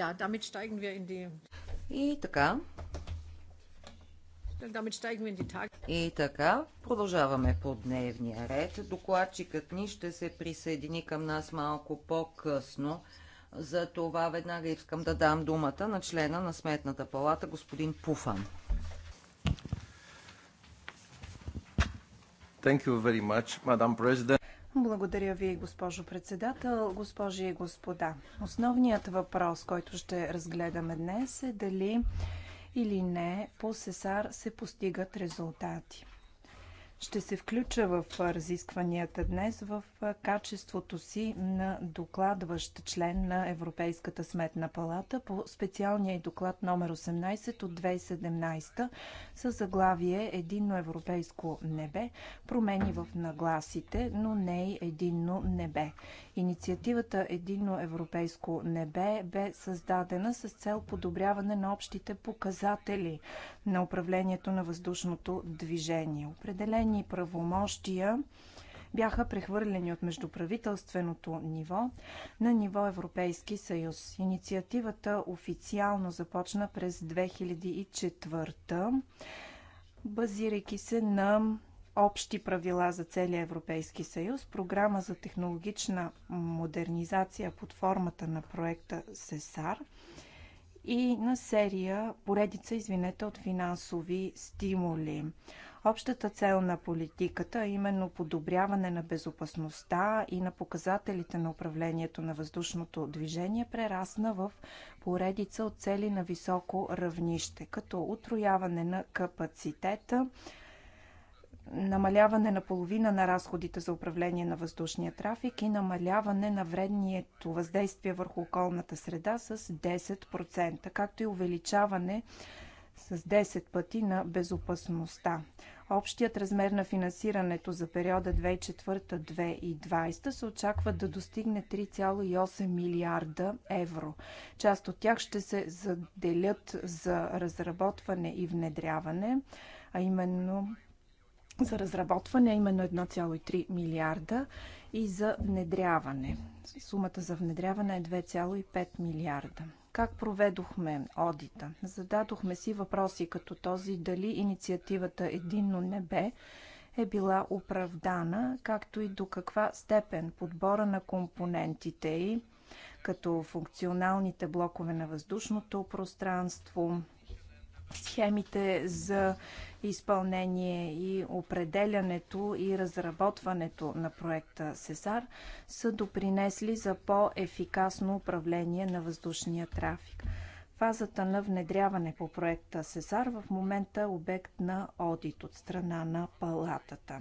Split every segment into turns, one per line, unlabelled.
Ja, damit steigen wir in die... И така. Damit steigen wir in die Tag... И така, продължаваме по дневния ред. Докладчикът ни ще се присъедини към нас малко по-късно. За това веднага искам да дам думата на члена на Сметната палата, господин Пуфан.
Thank you very much, Madam President. Благодаря ви, госпожо председател, госпожи и господа. Основният въпрос, който ще разгледаме днес е дали или не по СЕСАР се постигат резултати. Ще се включа в разискванията днес в качеството си на докладващ член на Европейската сметна палата по специалния и доклад номер 18 от 2017 с заглавие Единно европейско небе, промени в нагласите, но не и единно небе. Инициативата Единно европейско небе бе създадена с цел подобряване на общите показатели на управлението на въздушното движение. Определени прекомерни правомощия бяха прехвърлени от междуправителственото ниво на ниво Европейски съюз. Инициативата официално започна през 2004, базирайки се на общи правила за целия Европейски съюз, програма за технологична модернизация под формата на проекта СЕСАР и на серия поредица, извинете, от финансови стимули. Общата цел на политиката, е именно подобряване на безопасността и на показателите на управлението на въздушното движение, прерасна в поредица от цели на високо равнище, като утрояване на капацитета, намаляване на половина на разходите за управление на въздушния трафик и намаляване на вреднието въздействие върху околната среда с 10%, както и увеличаване с 10 пъти на безопасността. Общият размер на финансирането за периода 2004-2020 се очаква да достигне 3,8 милиарда евро. Част от тях ще се заделят за разработване и внедряване, а именно за разработване, а именно 1,3 милиарда и за внедряване. Сумата за внедряване е 2,5 милиарда. Как проведохме одита? Зададохме си въпроси като този дали инициативата Единно небе е била оправдана, както и до каква степен подбора на компонентите й, като функционалните блокове на въздушното пространство, схемите за изпълнение и определянето и разработването на проекта Сезар са допринесли за по-ефикасно управление на въздушния трафик. Фазата на внедряване по проекта Сезар в момента е обект на одит от страна на палатата.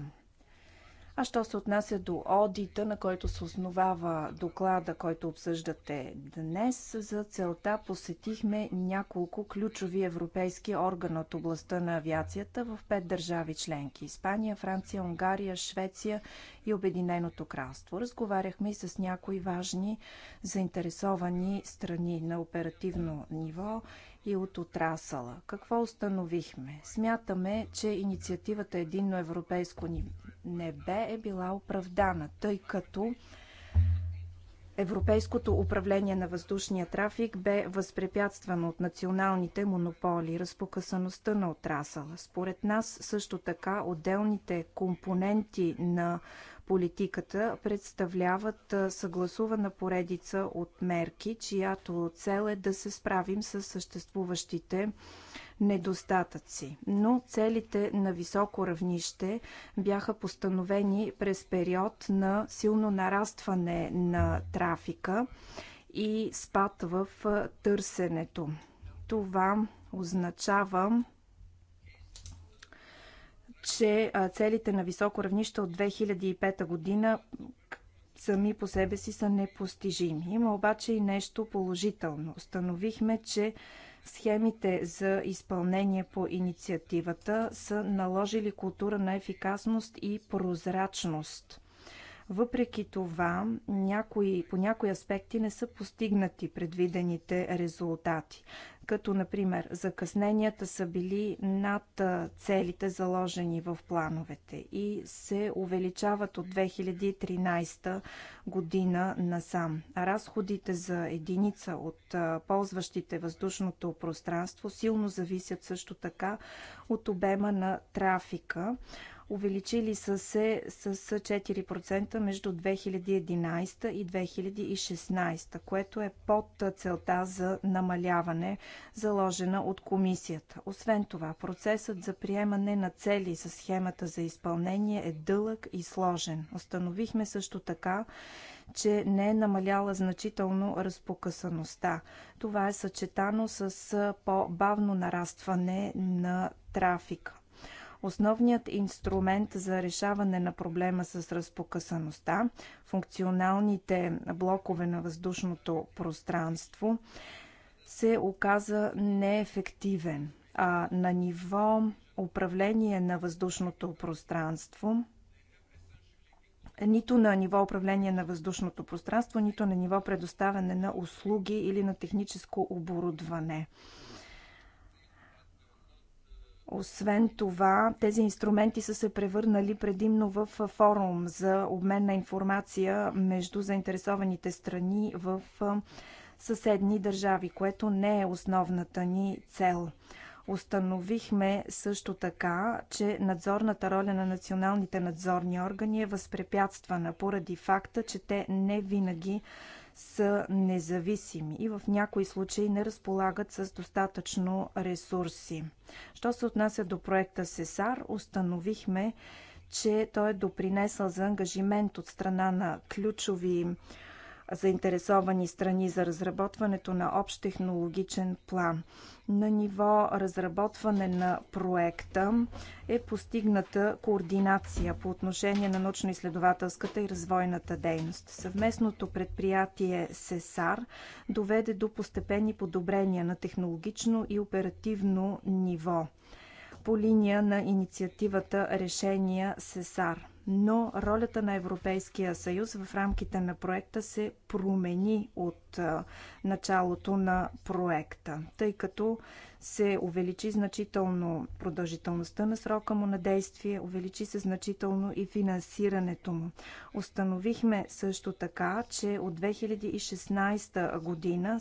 А що се отнася до одита, на който се основава доклада, който обсъждате днес, за целта посетихме няколко ключови европейски органа от областта на авиацията в пет държави членки Испания, Франция, Унгария, Швеция и Обединеното кралство. Разговаряхме и с някои важни заинтересовани страни на оперативно ниво и от отрасала. Какво установихме? Смятаме, че инициативата Единно европейско небе е била оправдана, тъй като Европейското управление на въздушния трафик бе възпрепятствано от националните монополи, разпокъсаността на отрасъла. Според нас също така отделните компоненти на политиката представляват съгласувана поредица от мерки, чиято цел е да се справим с съществуващите недостатъци. Но целите на високо равнище бяха постановени през период на силно нарастване на трафика и спад в търсенето. Това означава че целите на високо равнище от 2005 година сами по себе си са непостижими. Има обаче и нещо положително. Установихме, че схемите за изпълнение по инициативата са наложили култура на ефикасност и прозрачност. Въпреки това, някои, по някои аспекти не са постигнати предвидените резултати, като например закъсненията са били над целите заложени в плановете и се увеличават от 2013 година насам. Разходите за единица от ползващите въздушното пространство силно зависят също така от обема на трафика увеличили са се с 4% между 2011 и 2016, което е под целта за намаляване, заложена от комисията. Освен това, процесът за приемане на цели за схемата за изпълнение е дълъг и сложен. Установихме също така, че не е намаляла значително разпокъсаността. Това е съчетано с по-бавно нарастване на трафика. Основният инструмент за решаване на проблема с разпокъсаността, функционалните блокове на въздушното пространство, се оказа неефективен. А на ниво управление на въздушното пространство, нито на ниво управление на въздушното пространство, нито на ниво предоставяне на услуги или на техническо оборудване – освен това, тези инструменти са се превърнали предимно в форум за обмен на информация между заинтересованите страни в съседни държави, което не е основната ни цел. Установихме също така, че надзорната роля на националните надзорни органи е възпрепятствана поради факта, че те не винаги са независими и в някои случаи не разполагат с достатъчно ресурси. Що се отнася до проекта Сесар, установихме, че той е допринесъл за ангажимент от страна на ключови заинтересовани страни за разработването на общ технологичен план. На ниво разработване на проекта е постигната координация по отношение на научно-изследователската и развойната дейност. Съвместното предприятие СЕСАР доведе до постепенни подобрения на технологично и оперативно ниво по линия на инициативата Решения СЕСАР но ролята на Европейския съюз в рамките на проекта се промени от началото на проекта, тъй като се увеличи значително продължителността на срока му на действие, увеличи се значително и финансирането му. Установихме също така, че от 2016 година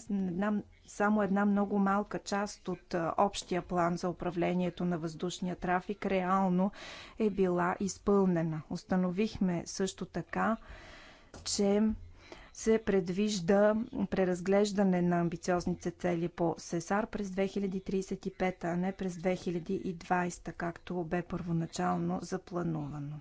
само една много малка част от общия план за управлението на въздушния трафик реално е била изпълнена. Установихме също така, че се предвижда преразглеждане на амбициозните цели по СЕСАР през 2035, а не през 2020, както бе първоначално запланувано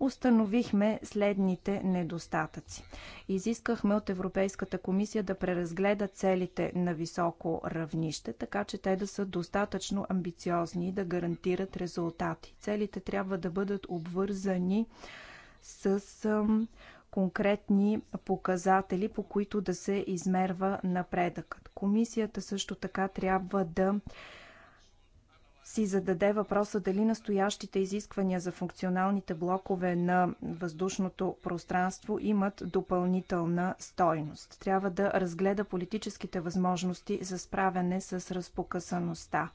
установихме следните недостатъци. Изискахме от Европейската комисия да преразгледа целите на високо равнище, така че те да са достатъчно амбициозни и да гарантират резултати. Целите трябва да бъдат обвързани с конкретни показатели, по които да се измерва напредъкът. Комисията също така трябва да си зададе въпроса дали настоящите изисквания за функционалните блокове на въздушното пространство имат допълнителна стойност. Трябва да разгледа политическите възможности за справяне с разпокъсаността.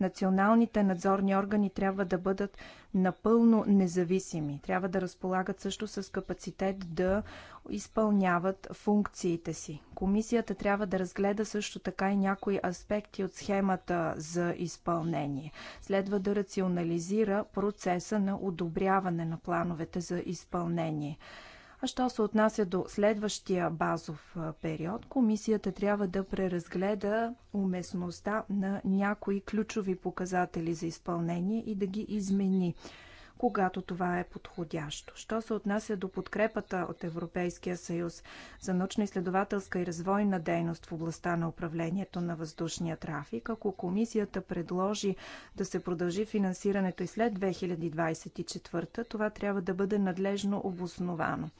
Националните надзорни органи трябва да бъдат напълно независими. Трябва да разполагат също с капацитет да изпълняват функциите си. Комисията трябва да разгледа също така и някои аспекти от схемата за изпълнение. Следва да рационализира процеса на одобряване на плановете за изпълнение. А що се отнася до следващия базов период, комисията трябва да преразгледа уместността на някои ключови показатели за изпълнение и да ги измени когато това е подходящо. Що се отнася до подкрепата от Европейския съюз за научно-изследователска и развойна дейност в областта на управлението на въздушния трафик, ако комисията предложи да се продължи финансирането и след 2024, това трябва да бъде надлежно обосновано.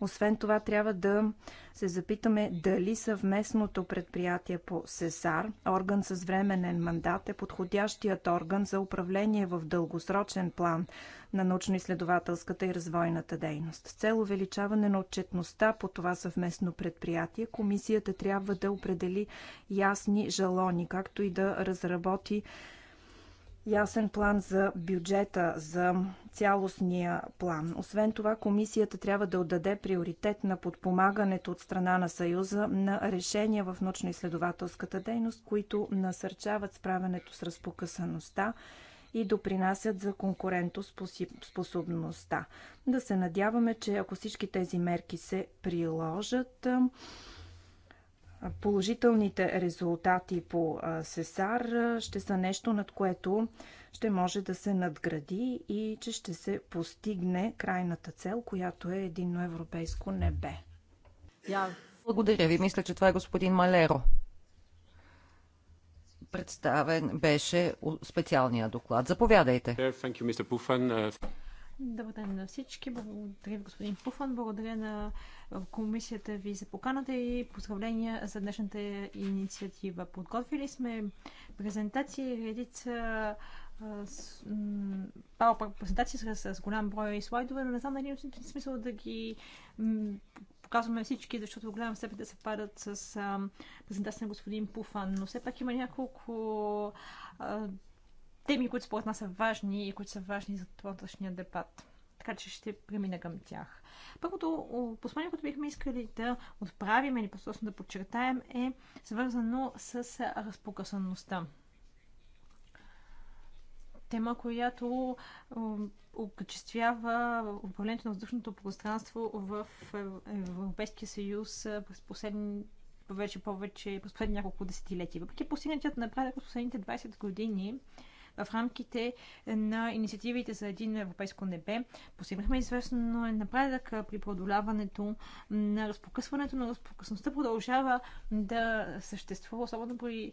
Освен това, трябва да се запитаме дали съвместното предприятие по СЕСАР, орган с временен мандат, е подходящият орган за управление в дългосрочен план на научно-изследователската и развойната дейност. С цел увеличаване на отчетността по това съвместно предприятие, комисията трябва да определи ясни жалони, както и да разработи ясен план за бюджета, за цялостния план. Освен това, комисията трябва да отдаде приоритет на подпомагането от страна на Съюза на решения в научно-изследователската дейност, които насърчават справянето с разпокъсаността и допринасят за конкурентоспособността. Да се надяваме, че ако всички тези мерки се приложат, положителните резултати по СЕСАР ще са нещо, над което ще може да се надгради и че ще се постигне крайната цел, която е единно европейско
небе. Я... Благодаря ви. Мисля, че това е господин Малеро. Представен беше специалния доклад. Заповядайте.
Добър ден на всички. Благодаря ви, господин Пуфан. Благодаря на комисията ви за поканата и поздравления за днешната инициатива. Подготвили сме презентации, редица презентации с, с голям брой слайдове, но не знам дали има смисъл да ги показваме всички, защото в голяма степен да се падат с презентация на господин Пуфан. Но все пак има няколко а, теми, които според нас са важни и които са важни за вътрешния дебат. Така че ще премина към тях. Първото послание, което бихме искали да отправим или просто да подчертаем е свързано с разпокъсаността тема, която окачествява управлението на въздушното пространство в Европейския съюз през последни повече, повече, последни няколко десетилетия. Въпреки постигнатият напредък от последните 20 години, в рамките на инициативите за един европейско небе. Постигнахме известно напредък при продоляването на разпокъсването, но разпокъсността продължава да съществува, особено при,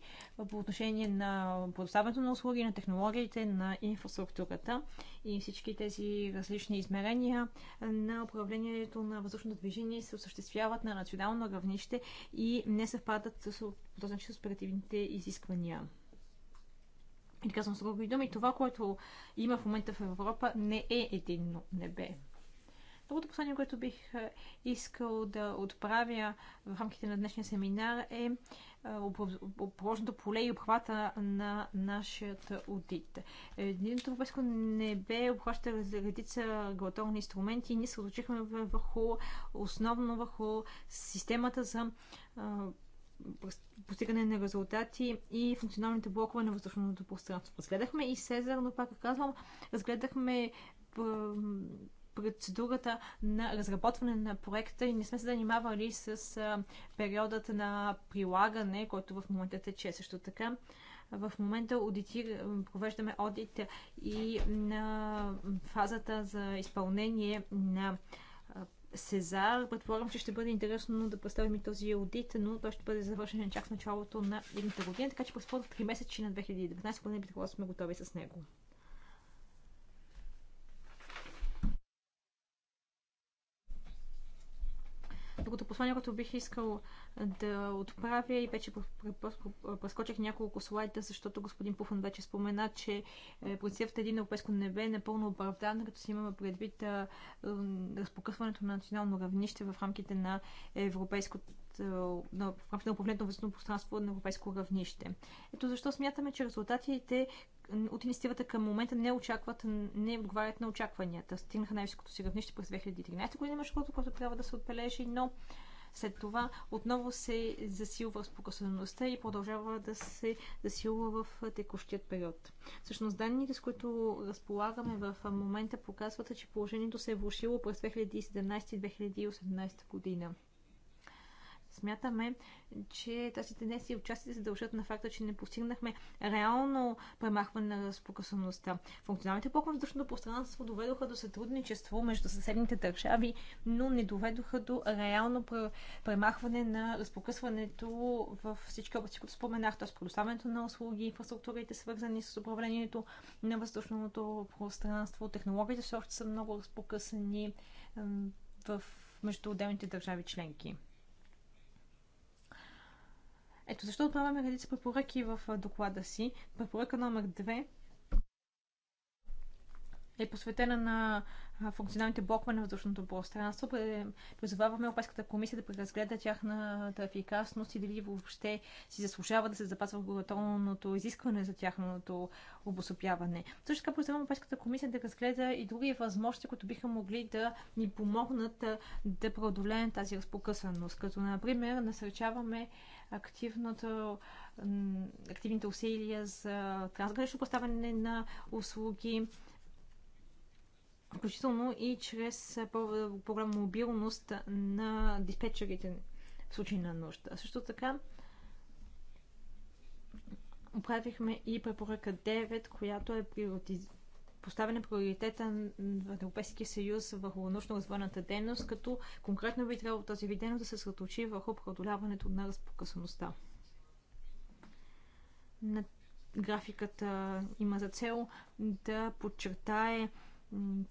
по отношение на предоставянето на услуги, на технологиите, на инфраструктурата и всички тези различни измерения на управлението на въздушното движение се осъществяват на национално равнище и не съвпадат с, с оперативните изисквания. И казвам с други думи, това, което има в момента в Европа, не е единно небе. Другото послание, което бих е, искал да отправя в рамките на днешния семинар е, е обложното поле и обхвата на нашия аудит. Единното европейско небе обхваща редица регулаторни инструменти и ние се отучихме върху, основно върху системата за постигане на резултати и функционалните блокове на въздушното пространство. Разгледахме и Сезар, но пак казвам, разгледахме процедурата на разработване на проекта и не сме се занимавали с периодът на прилагане, който в момента тече също така. В момента аудитир, провеждаме одит и на фазата за изпълнение на Сезар. Предполагам, че ще бъде интересно да представим и този аудит, но той ще бъде завършен чак в началото на едната година, така че през първото 3 на 2019 година би трябвало да сме готови с него. Другото послание, което бих искал да отправя и вече прескочих няколко слайда, защото господин Пуфан вече спомена, че е, полицията е един европейско небе е напълно оправдан, като си имаме предвид разпокъсването на национално равнище в рамките на европейското е, на, в рамките на управлението на въздушно пространство на европейско равнище. Ето защо смятаме, че резултатите от инициативата към момента не, очакват, не отговарят на очакванията. Стигнаха най-високото си равнище през 2013 година, между другото, което трябва да се отбележи, но след това отново се засилва спокъсаността и продължава да се засилва в текущият период. Всъщност данните, с които разполагаме в момента, показват, че положението се е влушило през 2017-2018 година. Смятаме, че тази тенденция отчасти се дължат на факта, че не постигнахме реално премахване на разпокъсаността. Функционалните блокове въздушното пространство доведоха до сътрудничество между съседните държави, но не доведоха до реално премахване на разпокъсването в всички области, които споменах, т.е. предоставянето на услуги, инфраструктурите, свързани с управлението на въздушното пространство, технологиите все още са много разпокъсани в между отделните държави членки. Ето защо отправяме редица препоръки в доклада си. Препоръка номер 2 е посветена на функционалните блокове на въздушното пространство. Призоваваме Европейската комисия да преразгледа тяхната ефикасност и дали въобще си заслужава да се запазва регулаторното изискване за тяхното обособяване. Също така призоваваме Европейската комисия да разгледа и други възможности, които биха могли да ни помогнат да преодолеем тази разпокъсаност. Като, например, насърчаваме активното, активните усилия за трансгранично поставяне на услуги, включително и чрез по-голяма мобилност на диспетчерите в случай на нужда. Също така, Оправихме и препоръка 9, която е приоритиз поставяне приоритета в Европейския съюз върху научно-развойната дейност, като конкретно би трябвало тази вид дейност да се съсредоточи върху преодоляването на разпокъсаността. На графиката има за цел да подчертае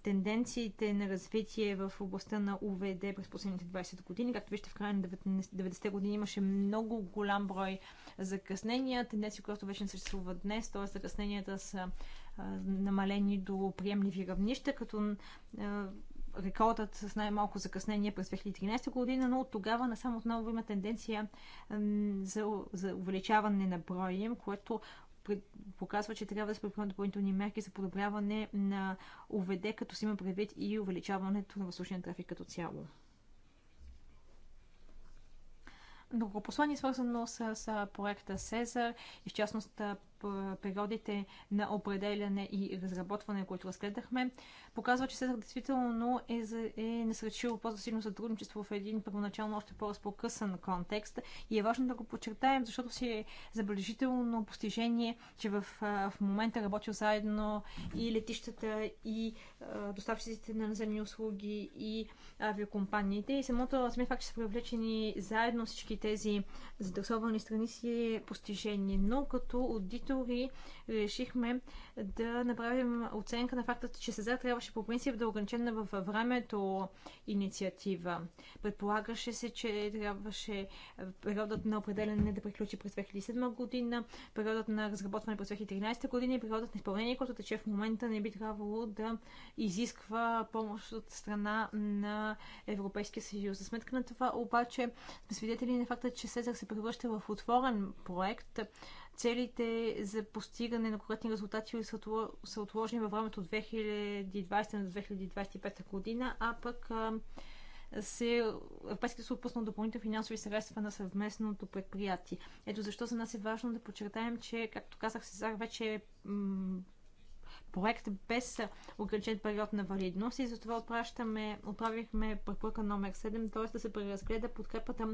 тенденциите на развитие в областта на УВД през последните 20 години. Както вижте, в края на 90-те години имаше много голям брой закъснения. Тенденция, която вече не съществува днес, т.е. закъсненията са намалени до приемливи равнища, като рекордът с най-малко закъснение през 2013 година, но от тогава насам отново има тенденция за, за увеличаване на броя им, което показва, че трябва да се предприемат допълнителни мерки за подобряване на ОВД, като си има предвид и увеличаването на въздушния трафик като цяло. Друго послание, свързано с, с проекта Сезар и в частност периодите на определяне и разработване, които разгледахме, показва, че Седър действително е, е насречил по-засилно сътрудничество в един първоначално още по-разпокъсан контекст и е важно да го подчертаем, защото си е забележително постижение, че в, в момента работил заедно и летищата, и доставчиците на наземни услуги, и авиокомпаниите. И самото сме факт, че са привлечени заедно всички тези задръсовани страни си е постижение. Но като аудитор дори решихме да направим оценка на факта, че Сезар трябваше по принцип да е ограничена във времето инициатива. Предполагаше се, че трябваше периодът на определене да приключи през 2007 година, периодът на разработване през 2013 година и периодът на изпълнение, който тече в момента, не би трябвало да изисква помощ от страна на Европейския съюз. За сметка на това обаче сме свидетели на факта, че Сезар се превръща в отворен проект, целите за постигане на конкретни резултати са отложени във времето от 2020 на 2025 година, а пък се, европейските се отпуснат допълнителни финансови средства на съвместното предприятие. Ето защо за нас е важно да подчертаем, че, както казах, Сезар вече е проект без ограничен период на валидност и затова отправихме препоръка номер 7, т.е. да се преразгледа подкрепата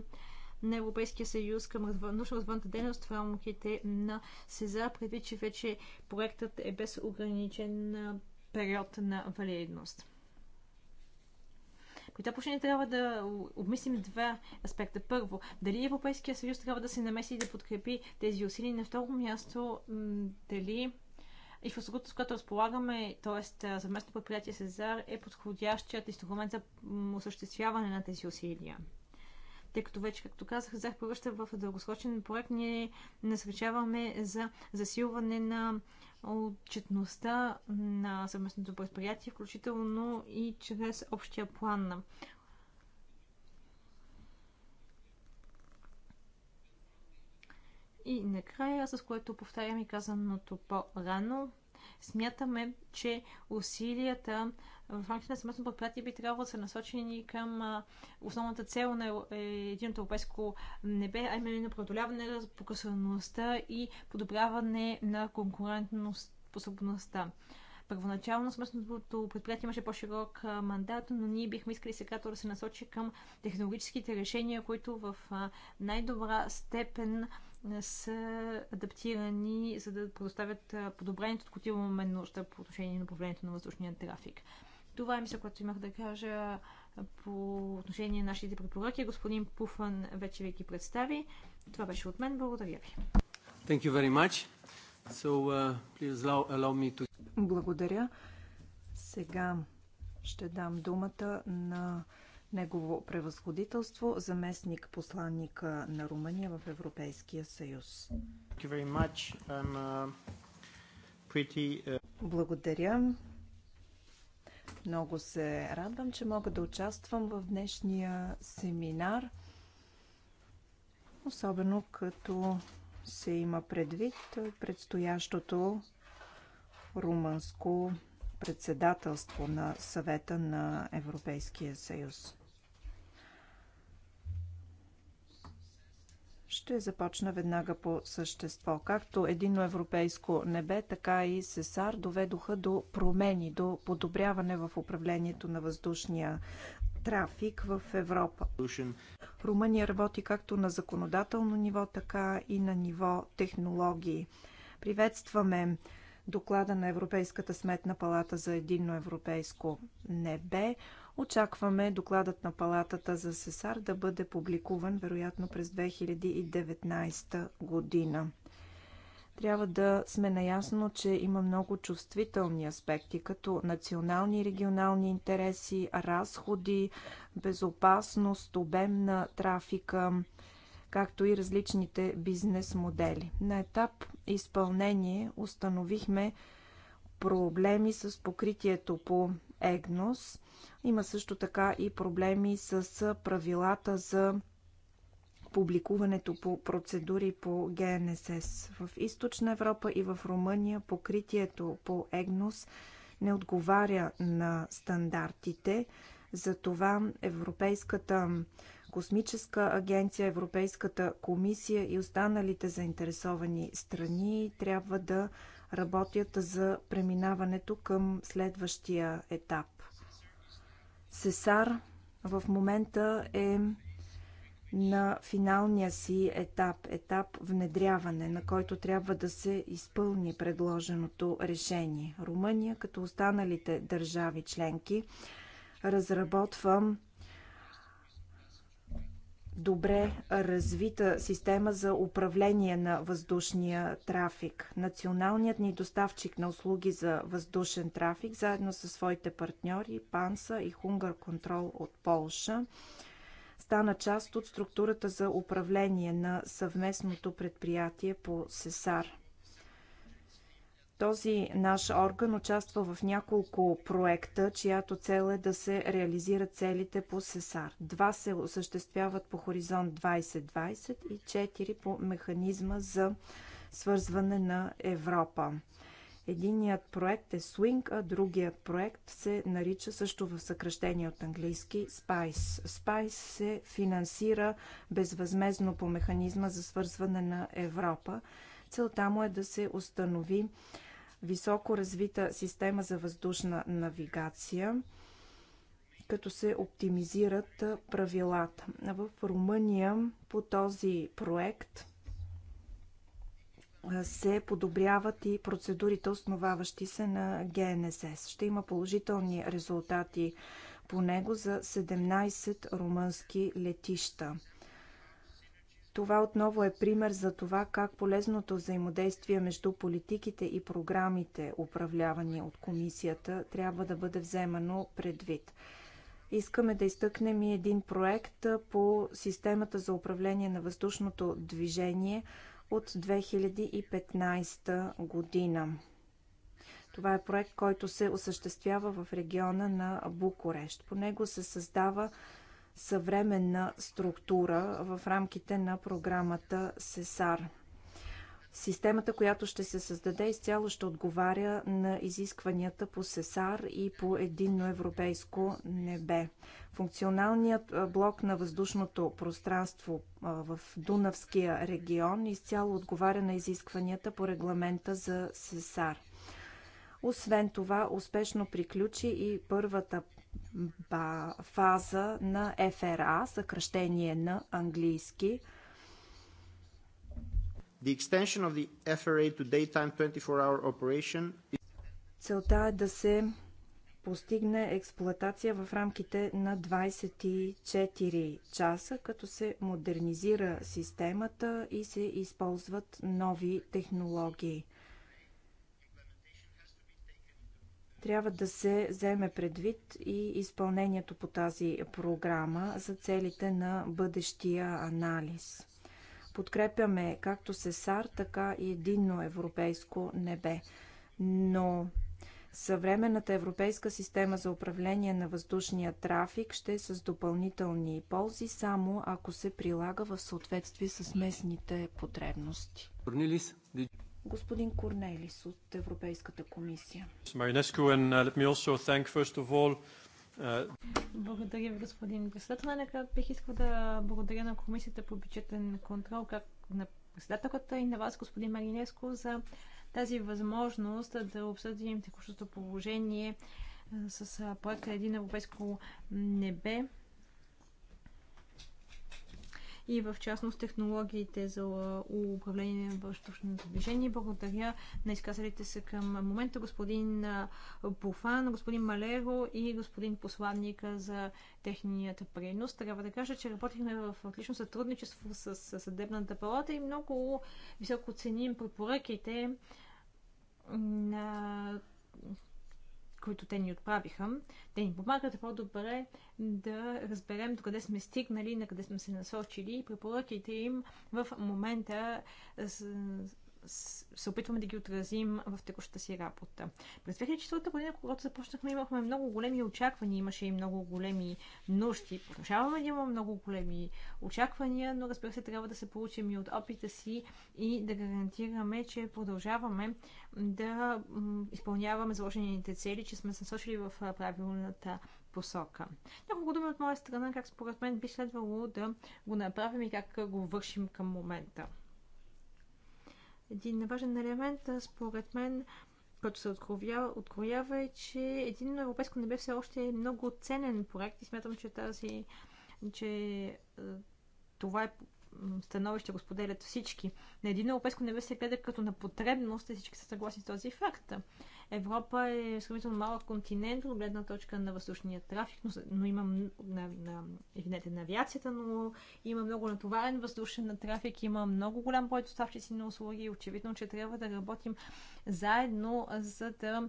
на Европейския съюз към научно-развъдната дейност в рамките на СЕЗА, предвид, че вече проектът е без ограничен период на валидност. При това положение трябва да обмислим два аспекта. Първо, дали Европейския съюз трябва да се намеси и да подкрепи тези усилия. На второ място, дали инфраструктурата, с която разполагаме, т.е. съвместно предприятие Сезар, е подходящият инструмент за осъществяване на тези усилия тъй като вече, както казах, ЗАХ превръща в дългосрочен проект. Ние насвечаваме за засилване на отчетността на съвместното предприятие, включително и чрез общия план. И накрая, с което повтарям и казаното по-рано, Смятаме, че усилията в рамките на съместно предприятие би трябвало да са насочени към основната цел на е, Единното европейско небе, а именно преодоляване на покъсаността и подобряване на конкурентност способността. Първоначално съместното предприятие имаше по-широк мандат, но ние бихме искали сега да се насочи към технологическите решения, които в най-добра степен са адаптирани, за да предоставят подобрението, от което имаме нужда по отношение на управлението на въздушния трафик. Това е мисля, което имах да кажа по отношение на нашите препоръки. Господин Пуфан вече ви ги представи. Това беше от мен. Благодаря ви.
Thank you very much. So, uh, please allow, allow me to...
Благодаря. Сега ще дам думата на негово превъзходителство, заместник посланника на Румъния в Европейския съюз. Uh, uh, Благодаря. Много се радвам, че мога да участвам в днешния семинар, особено като се има предвид предстоящото румънско председателство на съвета на Европейския съюз. Ще започна веднага по същество. Както единно европейско небе, така и СЕСАР доведоха до промени, до подобряване в управлението на въздушния трафик в Европа. Румъния работи както на законодателно ниво, така и на ниво технологии. Приветстваме доклада на Европейската сметна палата за единно европейско небе. Очакваме докладът на палатата за СЕСАР да бъде публикуван вероятно през 2019 година. Трябва да сме наясно, че има много чувствителни аспекти, като национални и регионални интереси, разходи, безопасност, обем на трафика, както и различните бизнес модели. На етап изпълнение установихме проблеми с покритието по ЕГНОС – има също така и проблеми с правилата за публикуването по процедури по ГНСС. В Източна Европа и в Румъния покритието по ЕГНОС не отговаря на стандартите. Затова Европейската космическа агенция, Европейската комисия и останалите заинтересовани страни трябва да работят за преминаването към следващия етап. Сесар в момента е на финалния си етап, етап внедряване, на който трябва да се изпълни предложеното решение. Румъния, като останалите държави членки, разработва добре развита система за управление на въздушния трафик. Националният ни доставчик на услуги за въздушен трафик, заедно със своите партньори Панса и Хунгър Контрол от Полша, стана част от структурата за управление на съвместното предприятие по СЕСАР. Този наш орган участва в няколко проекта, чиято цел е да се реализират целите по СЕСАР. Два се осъществяват по Хоризонт 2020 и четири по механизма за свързване на Европа. Единият проект е Swing, а другият проект се нарича също в съкръщение от английски SPICE. SPICE се финансира безвъзмезно по механизма за свързване на Европа. Целта му е да се установи високо развита система за въздушна навигация, като се оптимизират правилата. В Румъния по този проект се подобряват и процедурите, основаващи се на ГНСС. Ще има положителни резултати по него за 17 румънски летища. Това отново е пример за това как полезното взаимодействие между политиките и програмите, управлявани от комисията, трябва да бъде вземано предвид. Искаме да изтъкнем и един проект по системата за управление на въздушното движение от 2015 година. Това е проект, който се осъществява в региона на Букурещ. По него се създава съвременна структура в рамките на програмата СЕСАР. Системата, която ще се създаде, изцяло ще отговаря на изискванията по СЕСАР и по единно европейско небе. Функционалният блок на въздушното пространство в Дунавския регион изцяло отговаря на изискванията по регламента за СЕСАР. Освен това, успешно приключи и първата фаза на ФРА, съкръщение на английски.
The extension
of the FRA to daytime 24-hour operation
Целта е да се постигне експлоатация в рамките на 24 часа, като се модернизира системата и се използват нови технологии. трябва да се вземе предвид и изпълнението по тази програма за целите на бъдещия анализ. Подкрепяме както СЕСАР, така и единно европейско небе. Но съвременната европейска система за управление на въздушния трафик ще е с допълнителни ползи, само ако се прилага в съответствие с местните потребности
господин Корнелис от Европейската комисия.
Uh, uh,
благодаря ви, господин председател. Нека бих искал да благодаря на Комисията по бюджетен контрол, как на председателката и на вас, господин Маринеско, за тази възможност да обсъдим текущото положение с проекта Един европейско небе и в частност технологиите за управление на въздушното движение. Благодаря на изказалите се към момента господин Буфан, господин Малеро и господин посланника за техният принос. Трябва да кажа, че работихме в отлично сътрудничество с съдебната палата и много високо ценим препоръките на които те ни отправиха. Те ни помагат по-добре да разберем докъде сме стигнали, на къде сме се насочили и препоръките им в момента се опитваме да ги отразим в текущата си работа. През 2004 година, когато започнахме, имахме много големи очаквания, имаше и много големи нужди. Продължаваме да имаме много големи очаквания, но разбира се, трябва да се получим и от опита си и да гарантираме, че продължаваме да изпълняваме заложените цели, че сме се насочили в правилната посока. Няколко думи от моя страна, как според мен би следвало да го направим и как го вършим към момента. Един важен елемент, според мен, който се откроява, откроява е, че един европейско небе все още е много ценен проект и смятам, че тази, че това е становище го споделят всички. На един европейско небе се гледа като на потребност и всички са съгласни с този факт. Европа е сравнително малък континент от гледна точка на въздушния трафик, но, но има на, на, извинете, на авиацията, но има много натоварен въздушен на трафик, има много голям брой доставчици на услуги и очевидно, че трябва да работим заедно, за да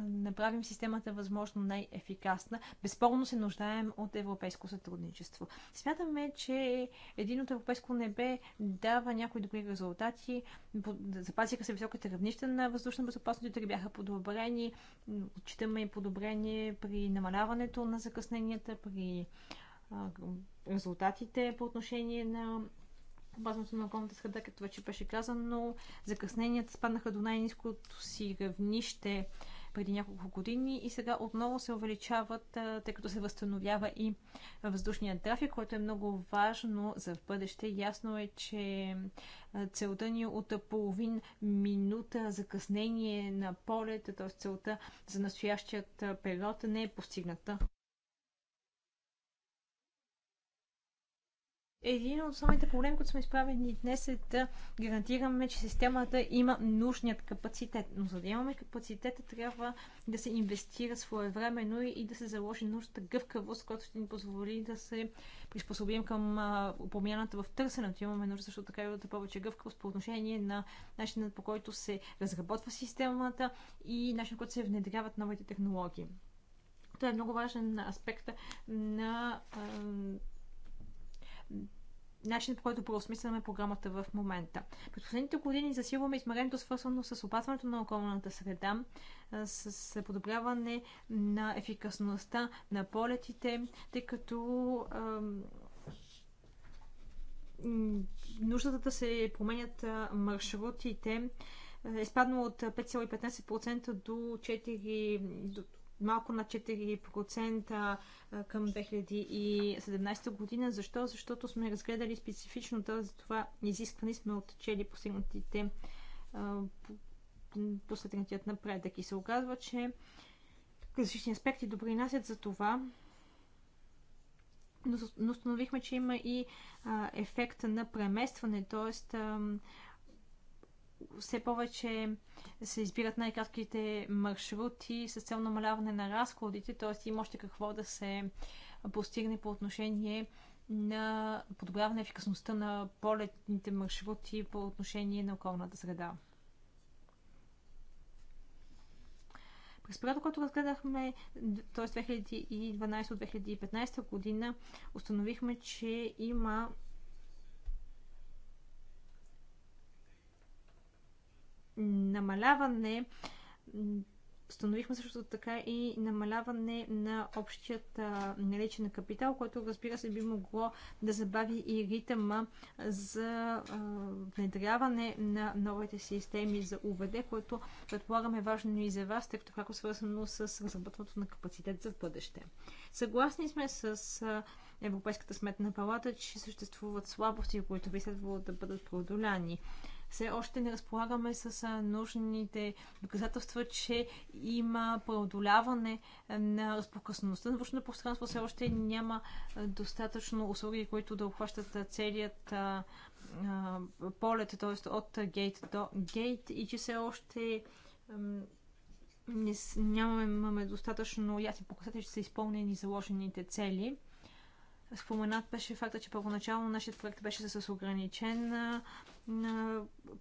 направим системата възможно най-ефикасна. Безспорно се нуждаем от европейско сътрудничество. Смятаме, че един от европейско небе дава някои добри резултати. Запазиха се високите равнища на въздушна безопасност, дори бяха подобрени. Отчитаме и подобрение при намаляването на закъсненията, при резултатите по отношение на опазването на околната среда, като вече беше казано, закъсненията спаднаха до най-низкото си равнище преди няколко години и сега отново се увеличават, тъй като се възстановява и въздушният трафик, което е много важно за в бъдеще. Ясно е, че целта ни е от половин минута закъснение на полета, т.е. целта за настоящият период не е постигната. един от основните проблеми, които сме изправени днес е да гарантираме, че системата има нужният капацитет. Но за да имаме капацитета, трябва да се инвестира своевременно и да се заложи нужната гъвкавост, която ще ни позволи да се приспособим към промяната в търсенето. Имаме нужда също така и да повече гъвкавост по отношение на начина, по който се разработва системата и начинът, по който се внедряват новите технологии. Това е много важен аспект на Начинът, по който преосмисляме програмата в момента. През последните години засилваме измерението, свързано с опазването на околната среда, с подобряване на ефикасността на полетите, тъй като нуждата да се променят маршрутите е, е спаднал от 5,15% до 4, малко на 4% към 2017 година. Защо? Защото сме разгледали специфично тази това изискване, сме отчели постигнатите последният напредък. И се оказва, че различни аспекти допринасят за това, но, установихме, че има и а, ефекта на преместване, т.е все повече се избират най-кратките маршрути с цел намаляване на разходите, т.е. има още какво да се постигне по отношение на подобряване ефикасността на полетните маршрути по отношение на околната среда. През периода, който разгледахме, т.е. 2012-2015 година, установихме, че има намаляване. Становихме също така и намаляване на общият наличен капитал, което разбира се би могло да забави и ритъма за а, внедряване на новите системи за УВД, което предполагаме е важно и за вас, тъй като пряко е свързано с разработването на капацитет за бъдеще. Съгласни сме с Европейската сметна палата, че съществуват слабости, които би следвало да бъдат преодоляни все още не разполагаме с нужните доказателства, че има преодоляване на разпокъсността. на външното пространство. Все още няма достатъчно услуги, които да обхващат целият полет, т.е. от гейт до гейт и че все още нямаме достатъчно ясни показатели, че са изпълнени заложените цели. Споменат беше факта, че първоначално нашият проект беше с ограничена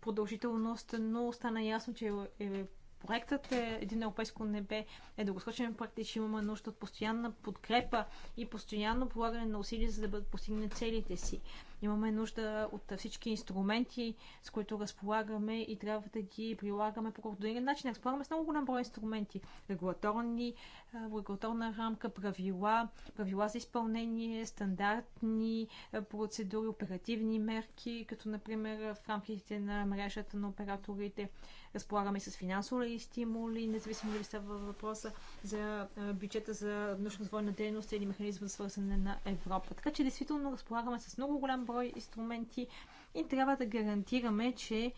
продължителност, но стана ясно, че е проектът е един европейско небе е дългосрочен проект и че имаме нужда от постоянна подкрепа и постоянно полагане на усилия, за да бъдат постигнат целите си. Имаме нужда от всички инструменти, с които разполагаме и трябва да ги прилагаме по координиран начин. Разполагаме с много голям брой инструменти. Регулаторни, регулаторна рамка, правила, правила за изпълнение, стандартни процедури, оперативни мерки, като например в рамките на мрежата на операторите. Разполагаме с финансови стимули, независимо дали става въпроса за бюджета за нужна развойна дейност или механизъм за свързане на Европа. Така че действително разполагаме с много голям брой инструменти и трябва да гарантираме, че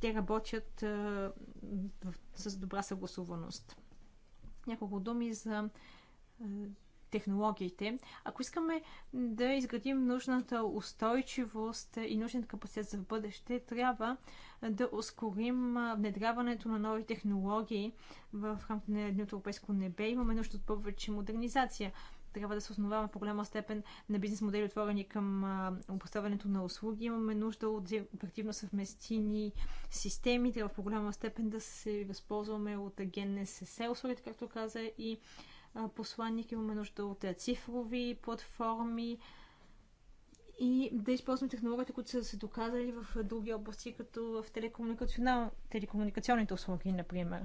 те работят с добра съгласуваност. Няколко думи за технологиите. Ако искаме да изградим нужната устойчивост и нужният капацитет за бъдеще, трябва да ускорим внедряването на нови технологии в рамките на едното европейско небе. Имаме нужда от повече модернизация трябва да се основава по голяма степен на бизнес модели, отворени към обоставянето на услуги. Имаме нужда от оперативно съвместими системи, трябва по голяма степен да се възползваме от ГНСС услугите, както каза и посланник. Имаме нужда от цифрови платформи, и да използваме технологията, които са се доказали в други области, като в телекомуникационните услуги, например.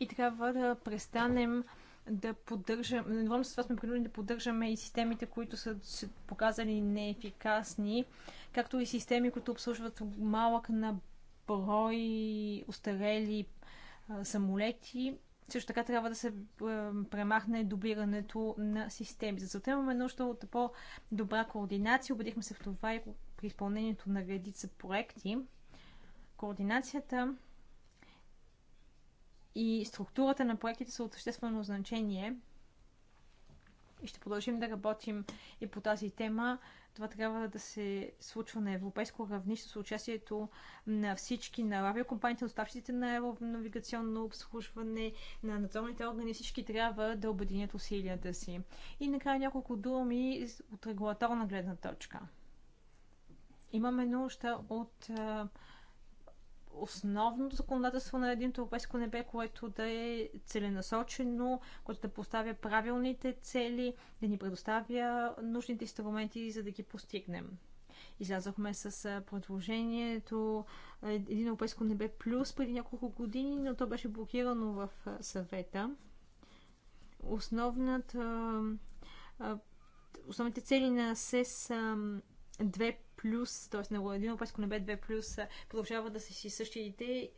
и трябва да престанем да поддържаме, недоволно с това сме принудени да поддържаме и системите, които са се показали неефикасни, както и системи, които обслужват малък на брой устарели самолети. Също така трябва да се е, премахне дублирането на системи. За целта имаме нужда от по-добра координация. Убедихме се в това и при изпълнението на редица проекти. Координацията и структурата на проектите са от съществено значение. И ще продължим да работим и по тази тема. Това трябва да се случва на европейско равнище с участието на всички, на авиокомпаниите, доставчиците на аеронавигационно обслужване, на надзорните органи. Всички трябва да обединят усилията си. И накрая няколко думи от регулаторна гледна точка. Имаме нужда от основното законодателство на един европейско небе, което да е целенасочено, което да поставя правилните цели, да ни предоставя нужните инструменти, за да ги постигнем. Излязохме с предложението Един европейско небе плюс преди няколко години, но то беше блокирано в съвета. Основната, основните цели на СЕС 2 плюс, т.е. на ако не бе 2 плюс, продължава да са си същите.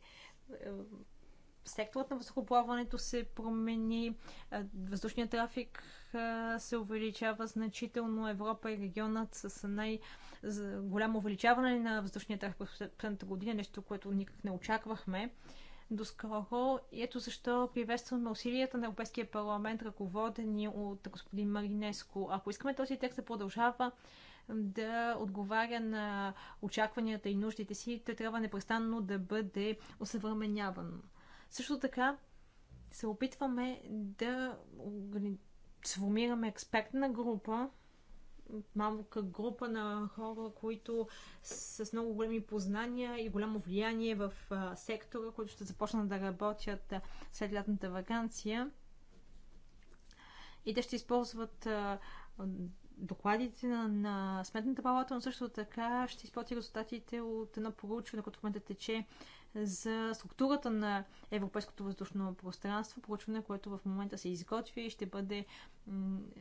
Секторът на въздухоплаването се промени, е, въздушният трафик е, се увеличава значително. Европа и е регионът с най-голямо увеличаване на въздушния трафик в последната година, нещо, което никак не очаквахме доскоро. И ето защо приветстваме усилията на Европейския парламент, ръководени от господин Маринеско. Ако искаме този текст да продължава да отговаря на очакванията и нуждите си, той трябва непрестанно да бъде осъвременяван. Също така се опитваме да сформираме експертна група, малка група на хора, които с много големи познания и голямо влияние в сектора, които ще започнат да работят след лятната вакансия. И те ще използват докладите на, на Сметната палата, но също така ще изплати резултатите от едно проучване, което в момента тече за структурата на Европейското въздушно пространство, проучване, което в момента се изготви и ще бъде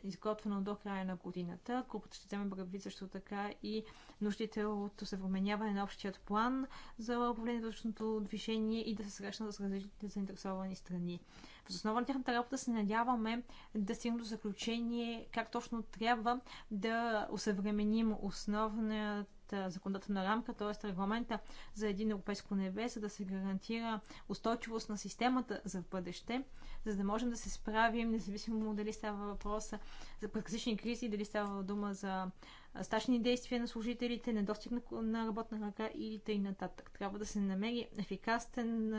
изготвено до края на годината. Групата ще вземе предвид също така и нуждите от съвременяване на общият план за управление на въздушното движение и да се срещна с различните заинтересовани страни. В основа на тяхната работа се надяваме да стигнем до заключение как точно трябва да усъвременим основният законодателна рамка, т.е. регламента за един европейско небе, за да се гарантира устойчивост на системата за бъдеще, за да можем да се справим, независимо дали става въпроса за практични кризи, дали става дума за стачни действия на служителите, недостиг на работна ръка и т.н. Трябва да се намери ефикасен,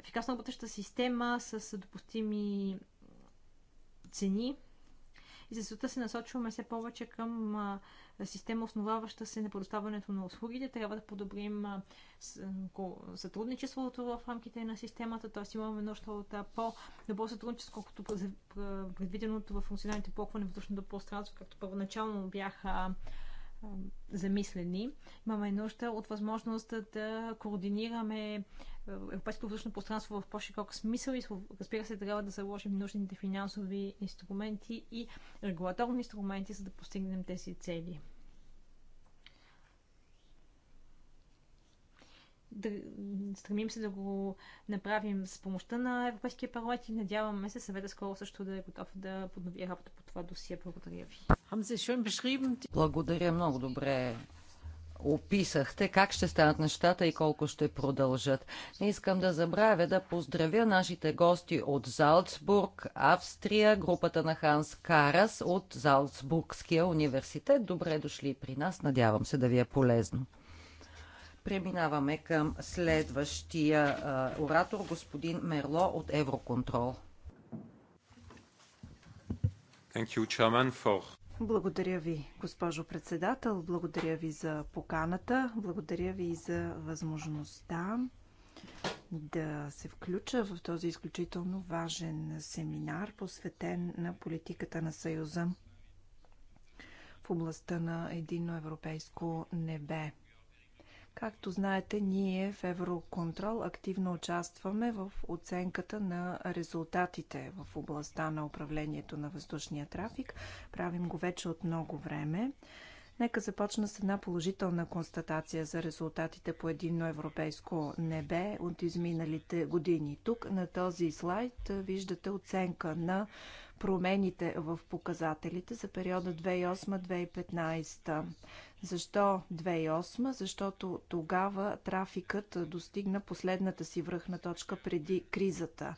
ефикасна работеща система с допустими цени, и за света се насочваме все повече към система, основаваща се на предоставянето на услугите. Трябва да подобрим сътрудничеството в рамките на системата, т.е. имаме нужда от по-добро сътрудничество, колкото предвиденото в функционалните блокове на въздушното пространство, както първоначално бяха замислени. Имаме нужда от възможност да координираме е, европейското въздушно пространство в по-широк смисъл и разбира се трябва да заложим нужните финансови инструменти и регулаторни инструменти, за да постигнем тези цели. да стремим се да го направим с помощта на Европейския парламент и надяваме се съвета скоро също да е готов да поднови работа по това досие. Благодаря ви.
Благодаря много добре описахте как ще станат нещата и колко ще продължат. Не искам да забравя да поздравя нашите гости от Залцбург, Австрия, групата на Ханс Карас от Залцбургския университет. Добре дошли при нас, надявам се да ви е полезно. Преминаваме към следващия оратор, господин Мерло от Евроконтрол. Благодаря
ви, госпожо председател. Благодаря ви за поканата. Благодаря ви и за възможността да се включа в този изключително важен семинар, посветен на политиката на Съюза в областта на единно европейско небе. Както знаете, ние в Евроконтрол активно участваме в оценката на резултатите в областта на управлението на въздушния трафик. Правим го вече от много време. Нека започна с една положителна констатация за резултатите по единно европейско небе от изминалите години. Тук на този слайд виждате оценка на промените в показателите за периода 2008-2015. Защо 2008? Защото тогава трафикът достигна последната си връхна точка преди кризата.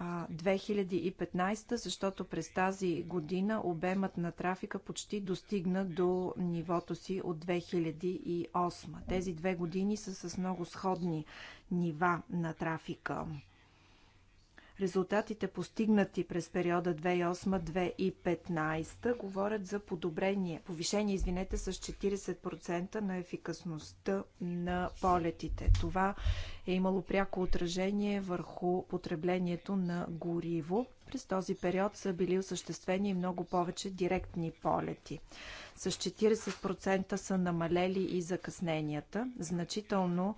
2015, защото през тази година обемът на трафика почти достигна до нивото си от 2008. Тези две години са с много сходни нива на трафика. Резултатите постигнати през периода 2008-2015 говорят за подобрение, повишение, извинете, с 40% на ефикасността на полетите. Това е имало пряко отражение върху потреблението на гориво. През този период са били осъществени и много повече директни полети. С 40% са намалели и закъсненията. Значително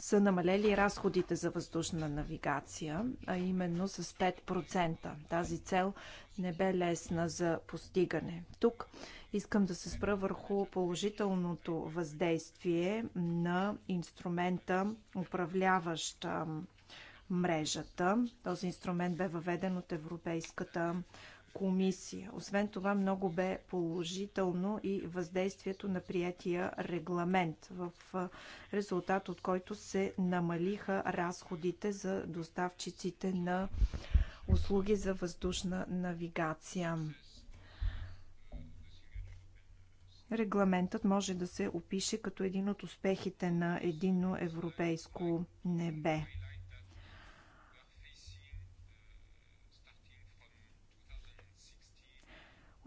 са намалели разходите за въздушна навигация, а именно с 5%. Тази цел не бе лесна за постигане. Тук искам да се спра върху положителното въздействие на инструмента, управляващ мрежата. Този инструмент бе въведен от Европейската комисия. Освен това, много бе положително и въздействието на приятия регламент, в резултат от който се намалиха разходите за доставчиците на услуги за въздушна навигация. Регламентът може да се опише като един от успехите на единно европейско небе.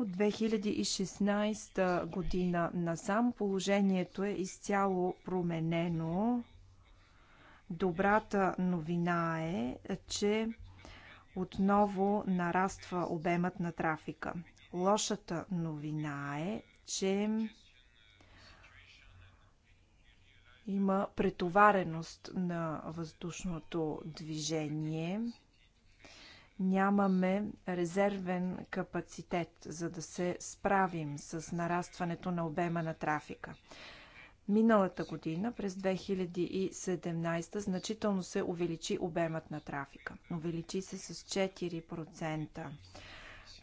От 2016 година насам положението е изцяло променено. Добрата новина е, че отново нараства обемът на трафика. Лошата новина е, че има претовареност на въздушното движение – нямаме резервен капацитет, за да се справим с нарастването на обема на трафика. Миналата година, през 2017, значително се увеличи обемът на трафика. Увеличи се с 4%.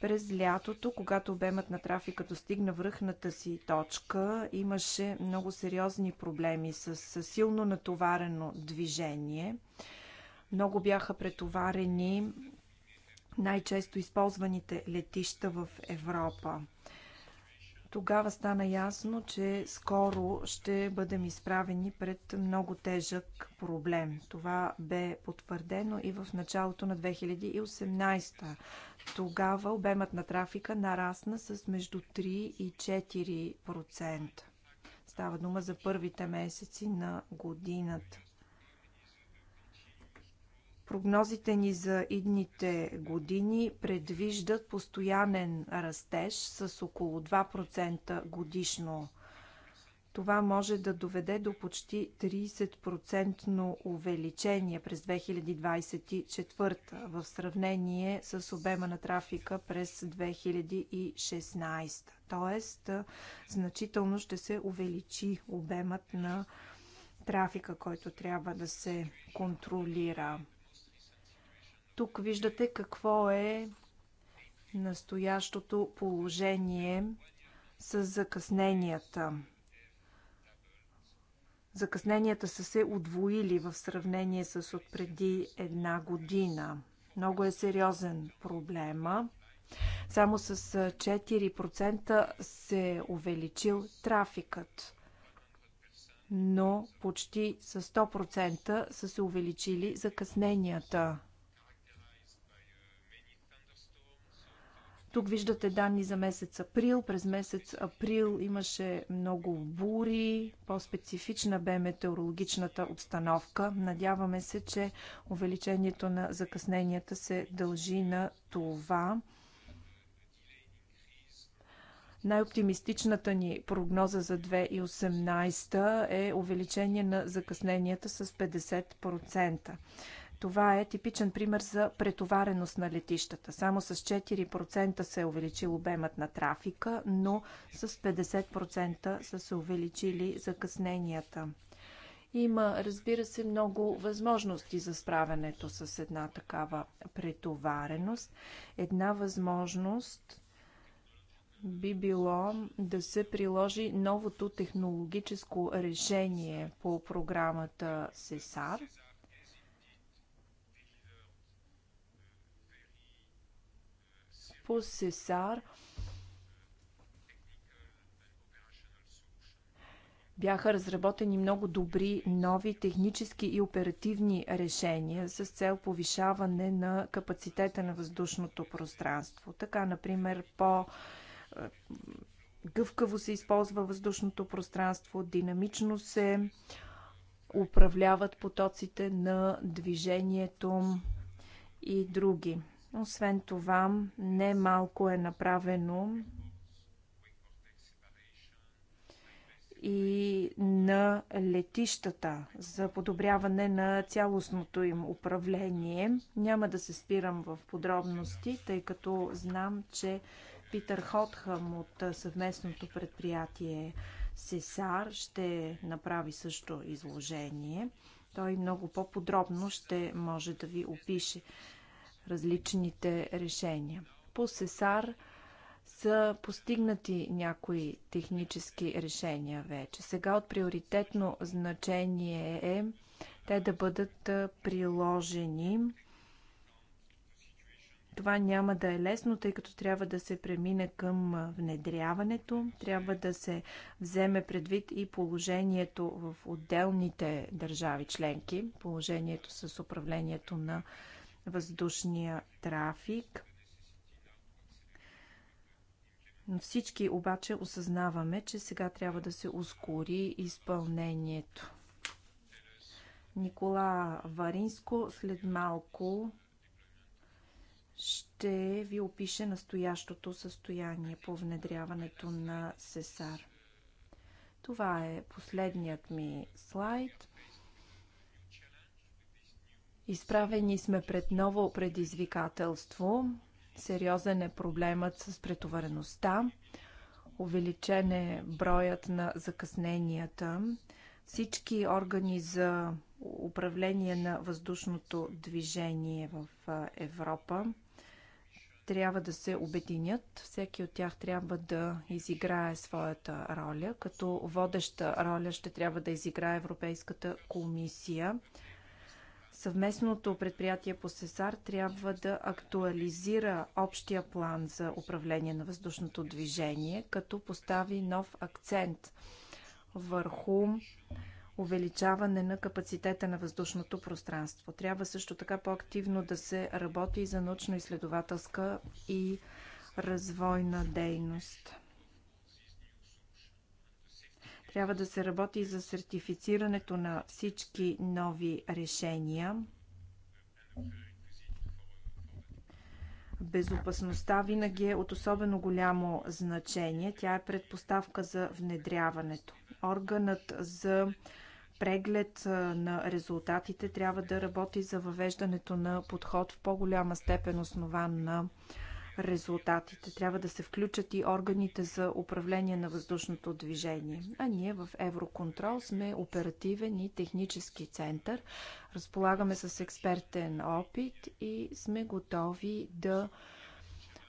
През лятото, когато обемът на трафика достигна връхната си точка, имаше много сериозни проблеми с силно натоварено движение. Много бяха претоварени най-често използваните летища в Европа. Тогава стана ясно, че скоро ще бъдем изправени пред много тежък проблем. Това бе потвърдено и в началото на 2018. Тогава обемът на трафика нарасна с между 3 и 4%. Става дума за първите месеци на годината. Прогнозите ни за идните години предвиждат постоянен растеж с около 2% годишно. Това може да доведе до почти 30% увеличение през 2024 в сравнение с обема на трафика през 2016. Тоест, значително ще се увеличи обемът на трафика, който трябва да се контролира. Тук виждате какво е настоящото положение с закъсненията. Закъсненията са се удвоили в сравнение с отпреди една година. Много е сериозен проблема. Само с 4% се е увеличил трафикът, но почти с 100% са се увеличили закъсненията. Тук виждате данни за месец април. През месец април имаше много бури, по-специфична бе метеорологичната обстановка. Надяваме се, че увеличението на закъсненията се дължи на това. Най-оптимистичната ни прогноза за 2018 е увеличение на закъсненията с 50%. Това е типичен пример за претовареност на летищата. Само с 4% се е увеличил обемът на трафика, но с 50% са се увеличили закъсненията. Има, разбира се, много възможности за справянето с една такава претовареност. Една възможност би било да се приложи новото технологическо решение по програмата СЕСАР – бяха разработени много добри нови технически и оперативни решения с цел повишаване на капацитета на въздушното пространство. Така, например, по е, гъвкаво се използва въздушното пространство, динамично се управляват потоците на движението и други. Освен това, не малко е направено и на летищата за подобряване на цялостното им управление. Няма да се спирам в подробности, тъй като знам, че Питър Хотхъм от съвместното предприятие Сесар ще направи също изложение. Той много по-подробно ще може да ви опише различните решения. По Сесар са постигнати някои технически решения вече. Сега от приоритетно значение е те да бъдат приложени. Това няма да е лесно, тъй като трябва да се премине към внедряването, трябва да се вземе предвид и положението в отделните държави членки, положението с управлението на въздушния трафик. Но всички обаче осъзнаваме, че сега трябва да се ускори изпълнението. Никола Варинско след малко ще ви опише настоящото състояние по внедряването на СЕСАР. Това е последният ми слайд. Изправени сме пред ново предизвикателство. Сериозен е проблемът с претовареността. Увеличен е броят на закъсненията. Всички органи за управление на въздушното движение в Европа трябва да се обединят. Всеки от тях трябва да изиграе своята роля. Като водеща роля ще трябва да изиграе Европейската комисия. Съвместното предприятие по СЕСАР трябва да актуализира общия план за управление на въздушното движение, като постави нов акцент върху увеличаване на капацитета на въздушното пространство. Трябва също така по-активно да се работи за научно-изследователска и развойна дейност. Трябва да се работи за сертифицирането на всички нови решения. Безопасността винаги е от особено голямо значение. Тя е предпоставка за внедряването. Органът за преглед на резултатите трябва да работи за въвеждането на подход в по-голяма степен основан на резултатите. Трябва да се включат и органите за управление на въздушното движение. А ние в Евроконтрол сме оперативен и технически център. Разполагаме с експертен опит и сме готови да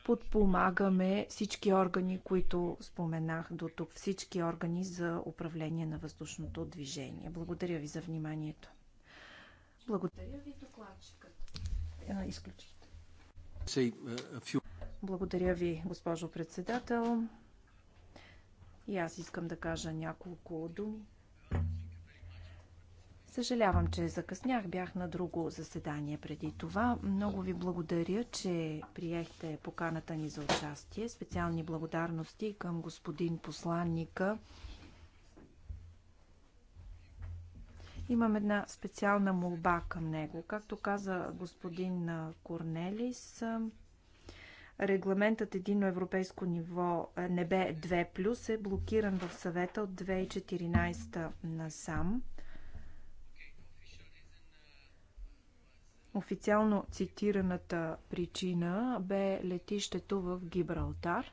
подпомагаме всички органи, които споменах до тук, всички органи за управление на въздушното движение. Благодаря ви за вниманието. Благодаря ви, докладчикът. Изключително. Благодаря ви, госпожо председател. И аз искам да кажа няколко думи. Съжалявам, че закъснях. Бях на друго заседание преди това. Много ви благодаря, че приехте поканата ни за участие. Специални благодарности към господин посланника. Имам една специална молба към него. Както каза господин Корнелис, регламентът Едино европейско ниво е, небе 2+, е блокиран в съвета от 2014 насам. Официално цитираната причина бе летището в Гибралтар,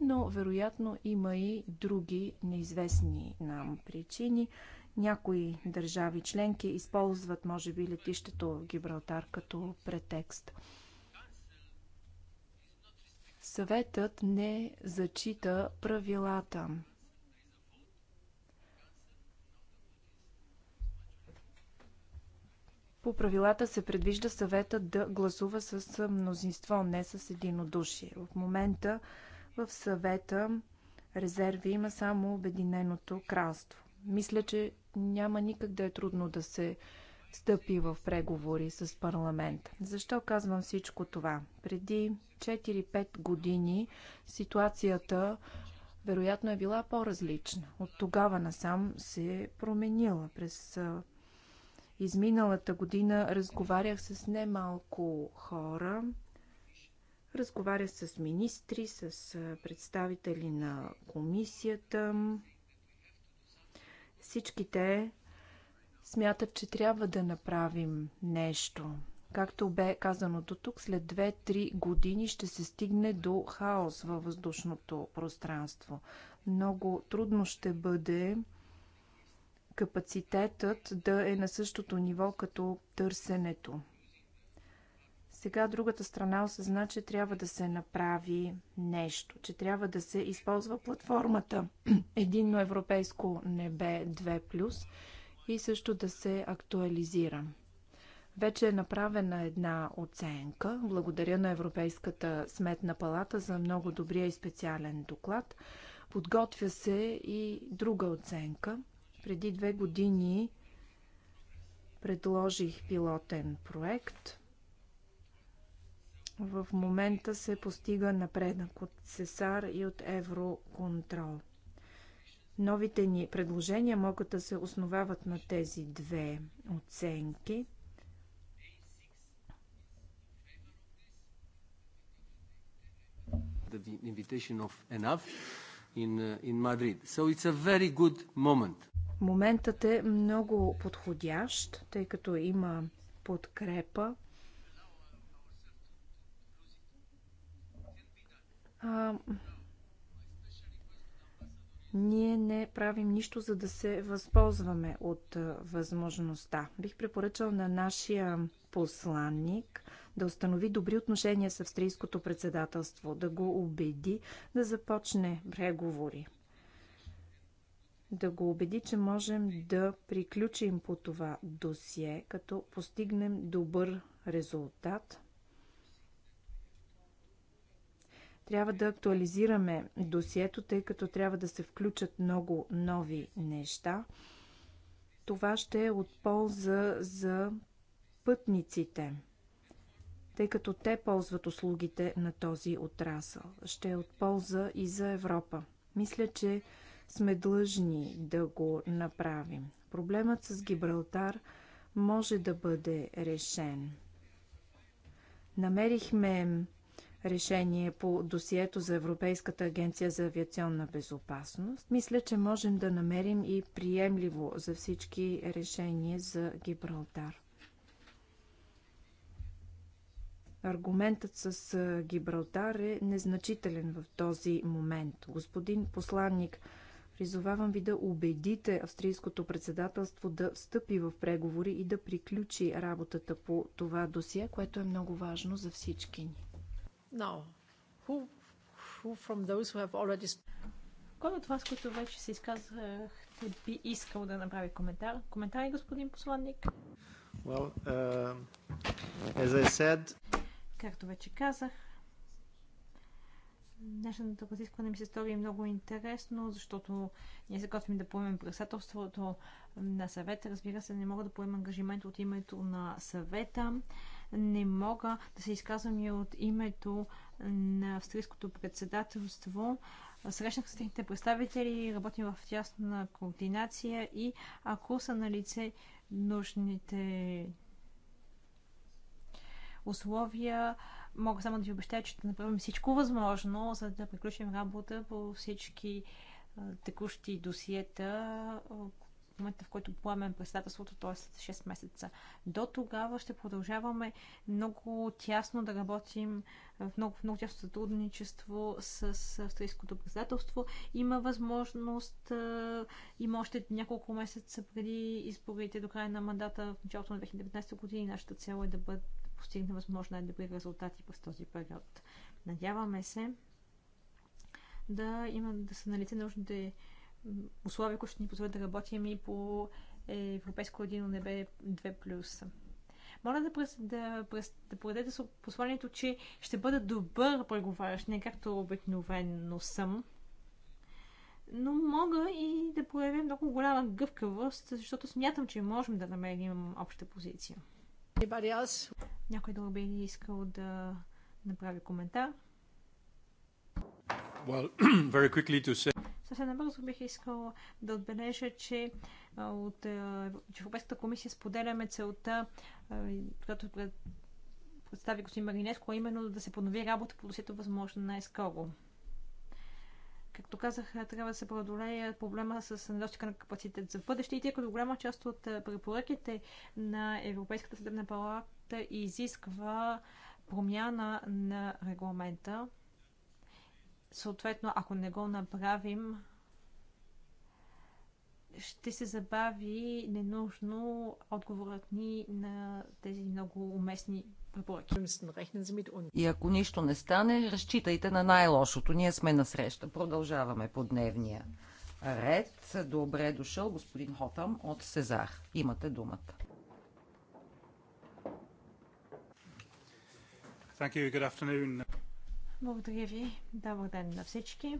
но вероятно има и други неизвестни нам причини. Някои държави членки използват, може би, летището в Гибралтар като претекст – Съветът не зачита правилата. По правилата се предвижда съветът да гласува с мнозинство, не с единодушие. В момента в съвета резерви има само Обединеното кралство. Мисля, че няма никак да е трудно да се стъпи в преговори с парламент. Защо казвам всичко това? Преди 4-5 години ситуацията вероятно е била по-различна. От тогава насам се е променила. През изминалата година разговарях с немалко хора. Разговарях с министри, с представители на комисията. Всички те смятат, че трябва да направим нещо. Както бе казано до тук, след 2-3 години ще се стигне до хаос във въздушното пространство. Много трудно ще бъде капацитетът да е на същото ниво като търсенето. Сега другата страна осъзна, че трябва да се направи нещо, че трябва да се използва платформата Единно европейско небе 2+, и също да се актуализира. Вече е направена една оценка. Благодаря на Европейската сметна палата за много добрия и специален доклад. Подготвя се и друга оценка. Преди две години предложих пилотен проект. В момента се постига напредък от СЕСАР и от Евроконтрол. Новите ни предложения могат да се основават на тези две оценки.
the invitation of in, uh, in Madrid. So it's a very good moment.
Моментът е много подходящ, тъй като има подкрепа. А, ние не правим нищо, за да се възползваме от възможността. Бих препоръчал на нашия посланник да установи добри отношения с австрийското председателство, да го убеди да започне преговори. Да го убеди, че можем да приключим по това досие, като постигнем добър резултат – Трябва да актуализираме досието, тъй като трябва да се включат много нови неща. Това ще е от полза за пътниците, тъй като те ползват услугите на този отрасъл. Ще е от полза и за Европа. Мисля, че сме длъжни да го направим. Проблемът с Гибралтар може да бъде решен. Намерихме решение по досието за Европейската агенция за авиационна безопасност, мисля, че можем да намерим и приемливо за всички решение за Гибралтар. Аргументът с Гибралтар е незначителен в този момент. Господин посланник, призовавам ви да убедите австрийското председателство да встъпи в преговори и да приключи работата по това досие, което е много важно за всички ни.
Now, who, who from those who have already... Кой от вас, които вече се изказахте, би искал да направи коментар? Коментар, господин посланник? Well, uh, as I said... Както вече казах, Днешното разискване ми се стори много интересно, защото ние се готвим да поемем председателството на съвета. Разбира се, не мога да поема ангажимент от името на съвета не мога да се изказвам и от името на австрийското председателство. Срещнах с техните представители, работим в тясна координация и ако са на лице нужните условия, мога само да ви обещая, че ще направим всичко възможно, за да приключим работа по всички текущи досиета, в момента, в който поемем председателството, т.е. 6 месеца. До тогава ще продължаваме много тясно да работим в много, много тясно сътрудничество с, австрийското председателство. Има възможност, има още няколко месеца преди изборите до края на мандата в началото на 2019 година. Нашата цел е да бъде да постигне възможно най-добри резултати през този период. Надяваме се да, има, да са налице нужните условия, които ще ни позволят да работим и по Европейско родино небе 2+. Моля да, през, да, през, да подадете посланието, че ще бъда добър преговарящ, не както обикновено съм. Но мога и да проявя много голяма гъвкавост, защото смятам, че можем да намерим обща позиция. Някой друг би искал да направи коментар?
Well, very quickly to say...
Съвсем набързо бих искала да отбележа, че от Европейската комисия споделяме целта, която представи господин Маринеско, а именно да се поднови работа по досието възможно най-скоро. Както казах, трябва да се преодолее проблема с недостига на капацитет за бъдеще и тъй като голяма част от препоръките на Европейската съдебна палата изисква промяна на регламента, Съответно, ако не го направим, ще се забави ненужно отговорът ни на тези много уместни препоръки. И
ако нищо не стане, разчитайте на най-лошото. Ние сме на среща. Продължаваме по дневния ред. Добре е дошъл господин Хотам от Сезар. Имате думата. Thank you. Good afternoon.
Благодаря ви. Добър ден на всички.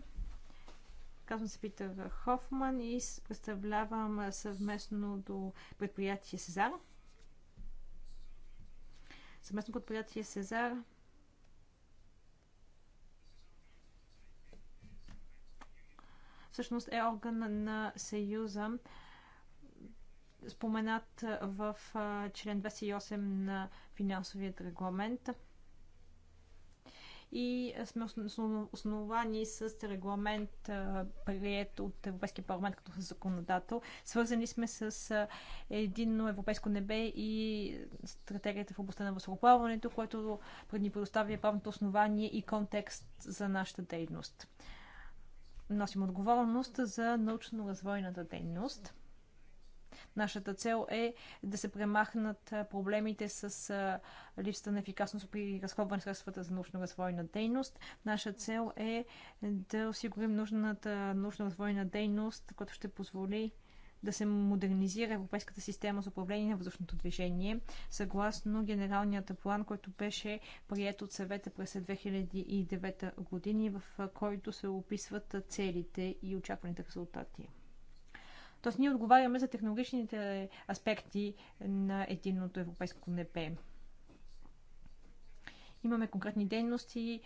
Казвам се Питър Хофман и представлявам съвместно до предприятие Сезар. Съвместно предприятие Сезар всъщност е орган на Съюза, споменат в член 28 на финансовият регламент – и сме основани с регламент, прият от Европейския парламент като законодател. Свързани сме с единно европейско небе и стратегията в областта на възхоплаването, което пред ни предоставя правното основание и контекст за нашата дейност. Носим отговорност за научно-развойната дейност. Нашата цел е да се премахнат проблемите с липсата на ефикасност при разходване средствата за научно-развойна дейност. Наша цел е да осигурим нужната научно-развойна дейност, която ще позволи да се модернизира Европейската система за управление на въздушното движение, съгласно генералният план, който беше прият от съвета през 2009 години, в който се описват целите и очакваните резултати. Тоест ние отговаряме за технологичните аспекти на единното европейско НП. Имаме конкретни дейности,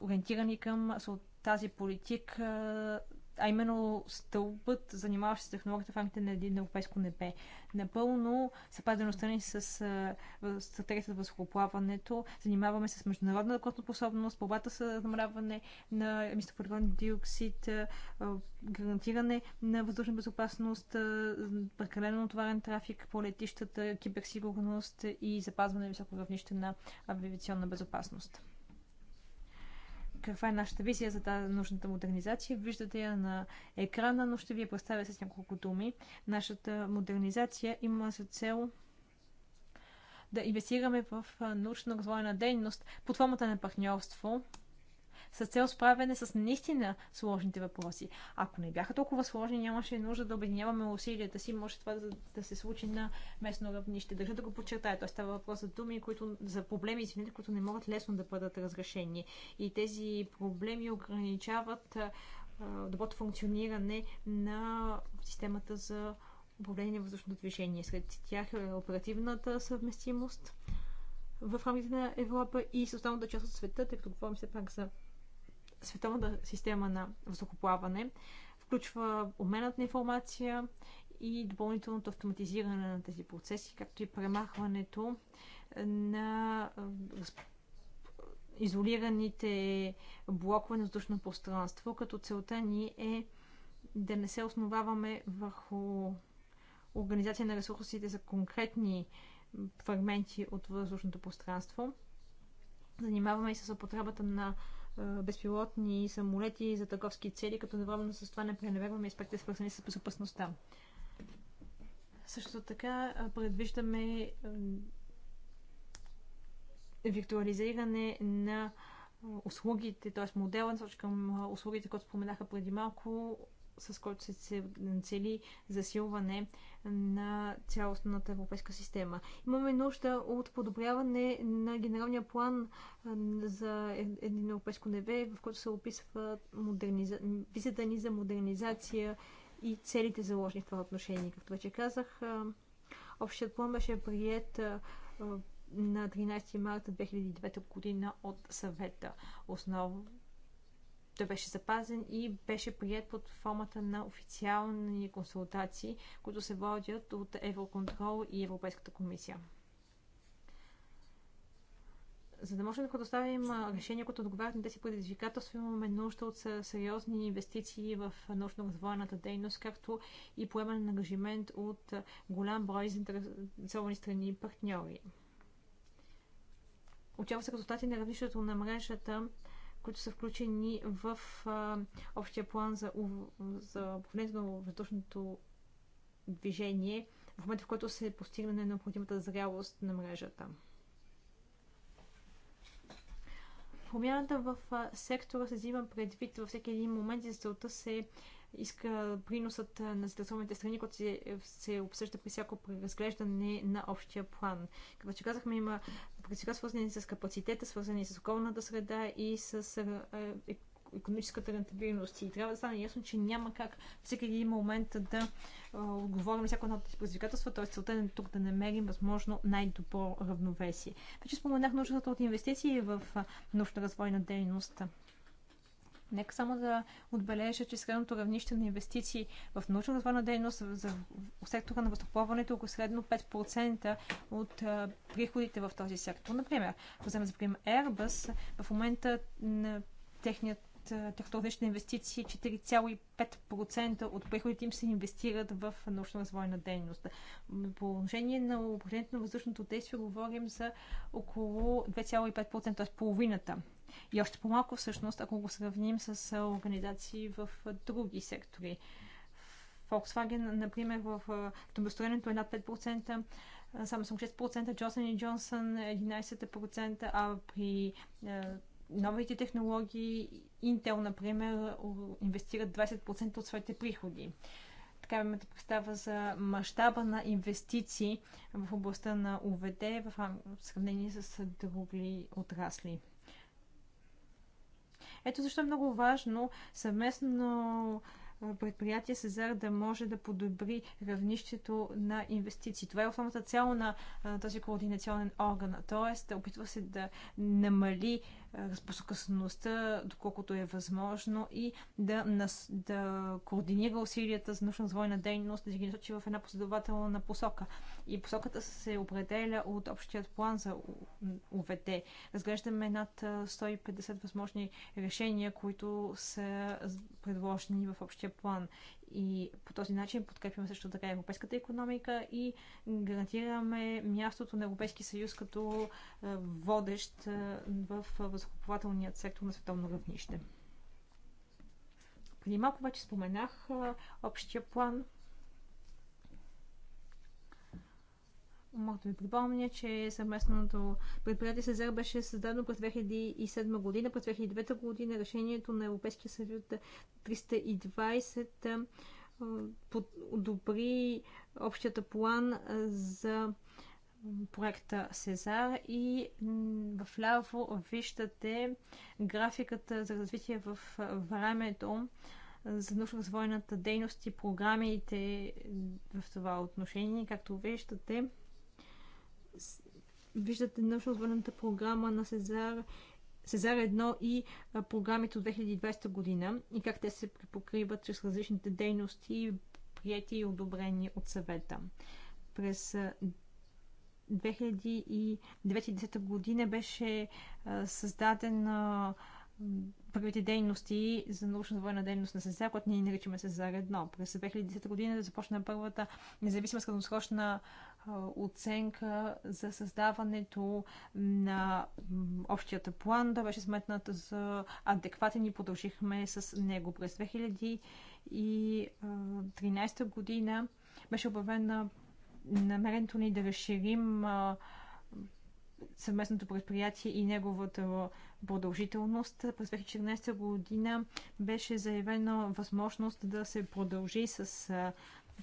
ориентирани към тази политика а именно стълбът, занимаващ се с технологията в рамките на един европейско небе. Напълно съпадено страни с стратегията за възхоплаването, занимаваме се с международна контроспособност, борбата с намаляване на емисиофоригон диоксид, гарантиране на въздушна безопасност, прекалено натоварен трафик по летищата, киберсигурност и запазване на високо равнище на авиационна безопасност каква е нашата визия за тази нужната модернизация. Виждате я на екрана, но ще ви я представя с няколко думи. Нашата модернизация има за цел да инвестираме в научно-развойна дейност под формата на партньорство, с цел справяне с наистина сложните въпроси. Ако не бяха толкова сложни, нямаше нужда да обединяваме усилията си. Може това да, да се случи на местно равнище. Държа да го подчертая. Тоест става въпрос за думи, които, за проблеми, извините, които не могат лесно да бъдат разрешени. И тези проблеми ограничават доброто функциониране на системата за управление на въздушното движение. Сред тях е оперативната съвместимост в рамките на Европа и с останалата част от света, тъй като говорим все пак за световната система на въздухоплаване. Включва обменът на информация и допълнителното автоматизиране на тези процеси, както и премахването на изолираните блокове на въздушно пространство, като целта ни е да не се основаваме върху организация на ресурсите за конкретни фрагменти от въздушното пространство. Занимаваме и с употребата на безпилотни самолети за търговски цели, като едновременно с това не пренебрегваме аспекти, свързани с безопасността. Също така предвиждаме виртуализиране на услугите, т.е. модела, насочен към услугите, които споменаха преди малко, с който се цели засилване на цялостната европейска система. Имаме нужда от подобряване на генералния план за е, един европейско небе, в който се описва модерниза... визията ни за модернизация и целите заложени в това отношение. Както вече казах, общият план беше прият на 13 марта 2009 година от съвета. Основно той беше запазен и беше прият под формата на официални консултации, които се водят от Евроконтрол и Европейската комисия. За да можем да предоставим решения, които отговарят на тези предизвикателства, имаме нужда от сериозни инвестиции в научно-развойната дейност, както и поемане на ангажимент от голям брой заинтересовани страни и партньори. Очаква се резултати на равнището на мрежата които са включени в а, общия план за, за управлението на въздушното движение, в момента в който се постигне на необходимата зрялост на мрежата. Промяната в сектора се взима предвид във всеки един момент и за целта се иска приносът на заинтересованите страни, който се, се обсъжда при всяко преразглеждане на общия план. Като че казахме, има сега свързани с капацитета, свързани с околната среда и с е, е, економическата рентабилност. И трябва да стане ясно, че няма как всеки един момент да е, отговорим всяко едно от тези предизвикателства, т.е. целта е тук да намерим възможно най-добро равновесие. Вече споменах нуждата от инвестиции в научно-развойна дейност Нека само да отбележа, че средното равнище на инвестиции в научно-развойна дейност за сектора на възстъплаването е около средно 5% от а, приходите в този сектор. Например, вземем за пример Airbus, в момента на техният технологични инвестиции 4,5% е от приходите им се инвестират в научно-развойна дейност. По отношение на управлението на въздушното действие говорим за около 2,5%, т.е. половината. И още по-малко всъщност, ако го сравним с организации в други сектори. Volkswagen, например, в автомобилостроенето е над 5%, само 6%, Johnson Johnson 11%, а при новите технологии Intel, например, инвестират 20% от своите приходи. Така имате представа за мащаба на инвестиции в областта на ОВД в сравнение с други отрасли. Ето защо е много важно съвместно предприятие Сезар да може да подобри равнището на инвестиции. Това е основната цяло на този координационен орган. Тоест, опитва се да намали разпокъсността, е, доколкото е възможно и да, нас, да координира усилията за научно-развойна дейност, да ги насочи в една последователна посока. И посоката се определя от общият план за ОВД. Разглеждаме над 150 е, възможни решения, които са предложени в общия план. И по този начин подкрепяме също така европейската економика и гарантираме мястото на Европейски съюз като е, водещ е, в възхоплателният сектор на световно равнище. Преди малко вече споменах е, общия план Мога да ви припомня, че съвместното предприятие СЕЗЕР беше създадено през 2007 година. През 2009 година решението на Европейския съюз 320 подобри общията план за проекта Сезар и в ляво виждате графиката за развитие в времето за научно-развойната дейност и програмите в това отношение. Както виждате, виждате научно-отворената програма на Сезар, Сезар 1 и програмите от 2020 година и как те се покриват чрез различните дейности, прияти и одобрени от съвета. През 2009-2010 година беше създаден първите дейности за научно военна дейност на СЕЗАР, която ние наричаме СЕЗАР-1. През 2010 година започна първата независима скъдносрочна оценка за създаването на общията план. Той беше сметнат за адекватен и продължихме с него. През 2013 година беше на намерението ни да разширим съвместното предприятие и неговата продължителност. През 2014 година беше заявена възможност да се продължи с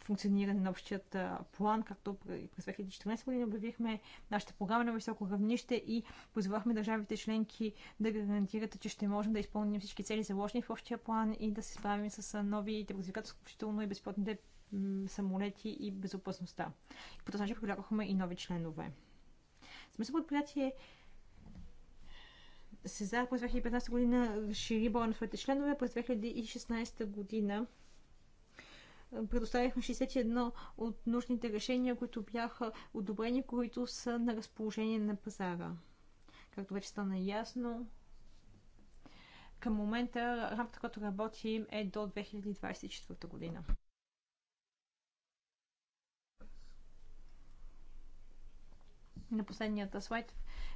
функциониране на общият план, както през 2014 година обявихме нашата програма на високо равнище и позвахме държавите членки да гарантират, че ще можем да изпълним всички цели заложени в общия план и да се справим с нови предизвикателства, включително и безплатните самолети и безопасността. И по този начин привлякохме и нови членове. Смисъл предприятие Сезар през 2015 година разшири броя на своите членове. През 2016 година предоставихме 61 от нужните решения, които бяха одобрени, които са на разположение на пазара. Както вече стана ясно, към момента рамката, която работим е до 2024 година. На последният слайд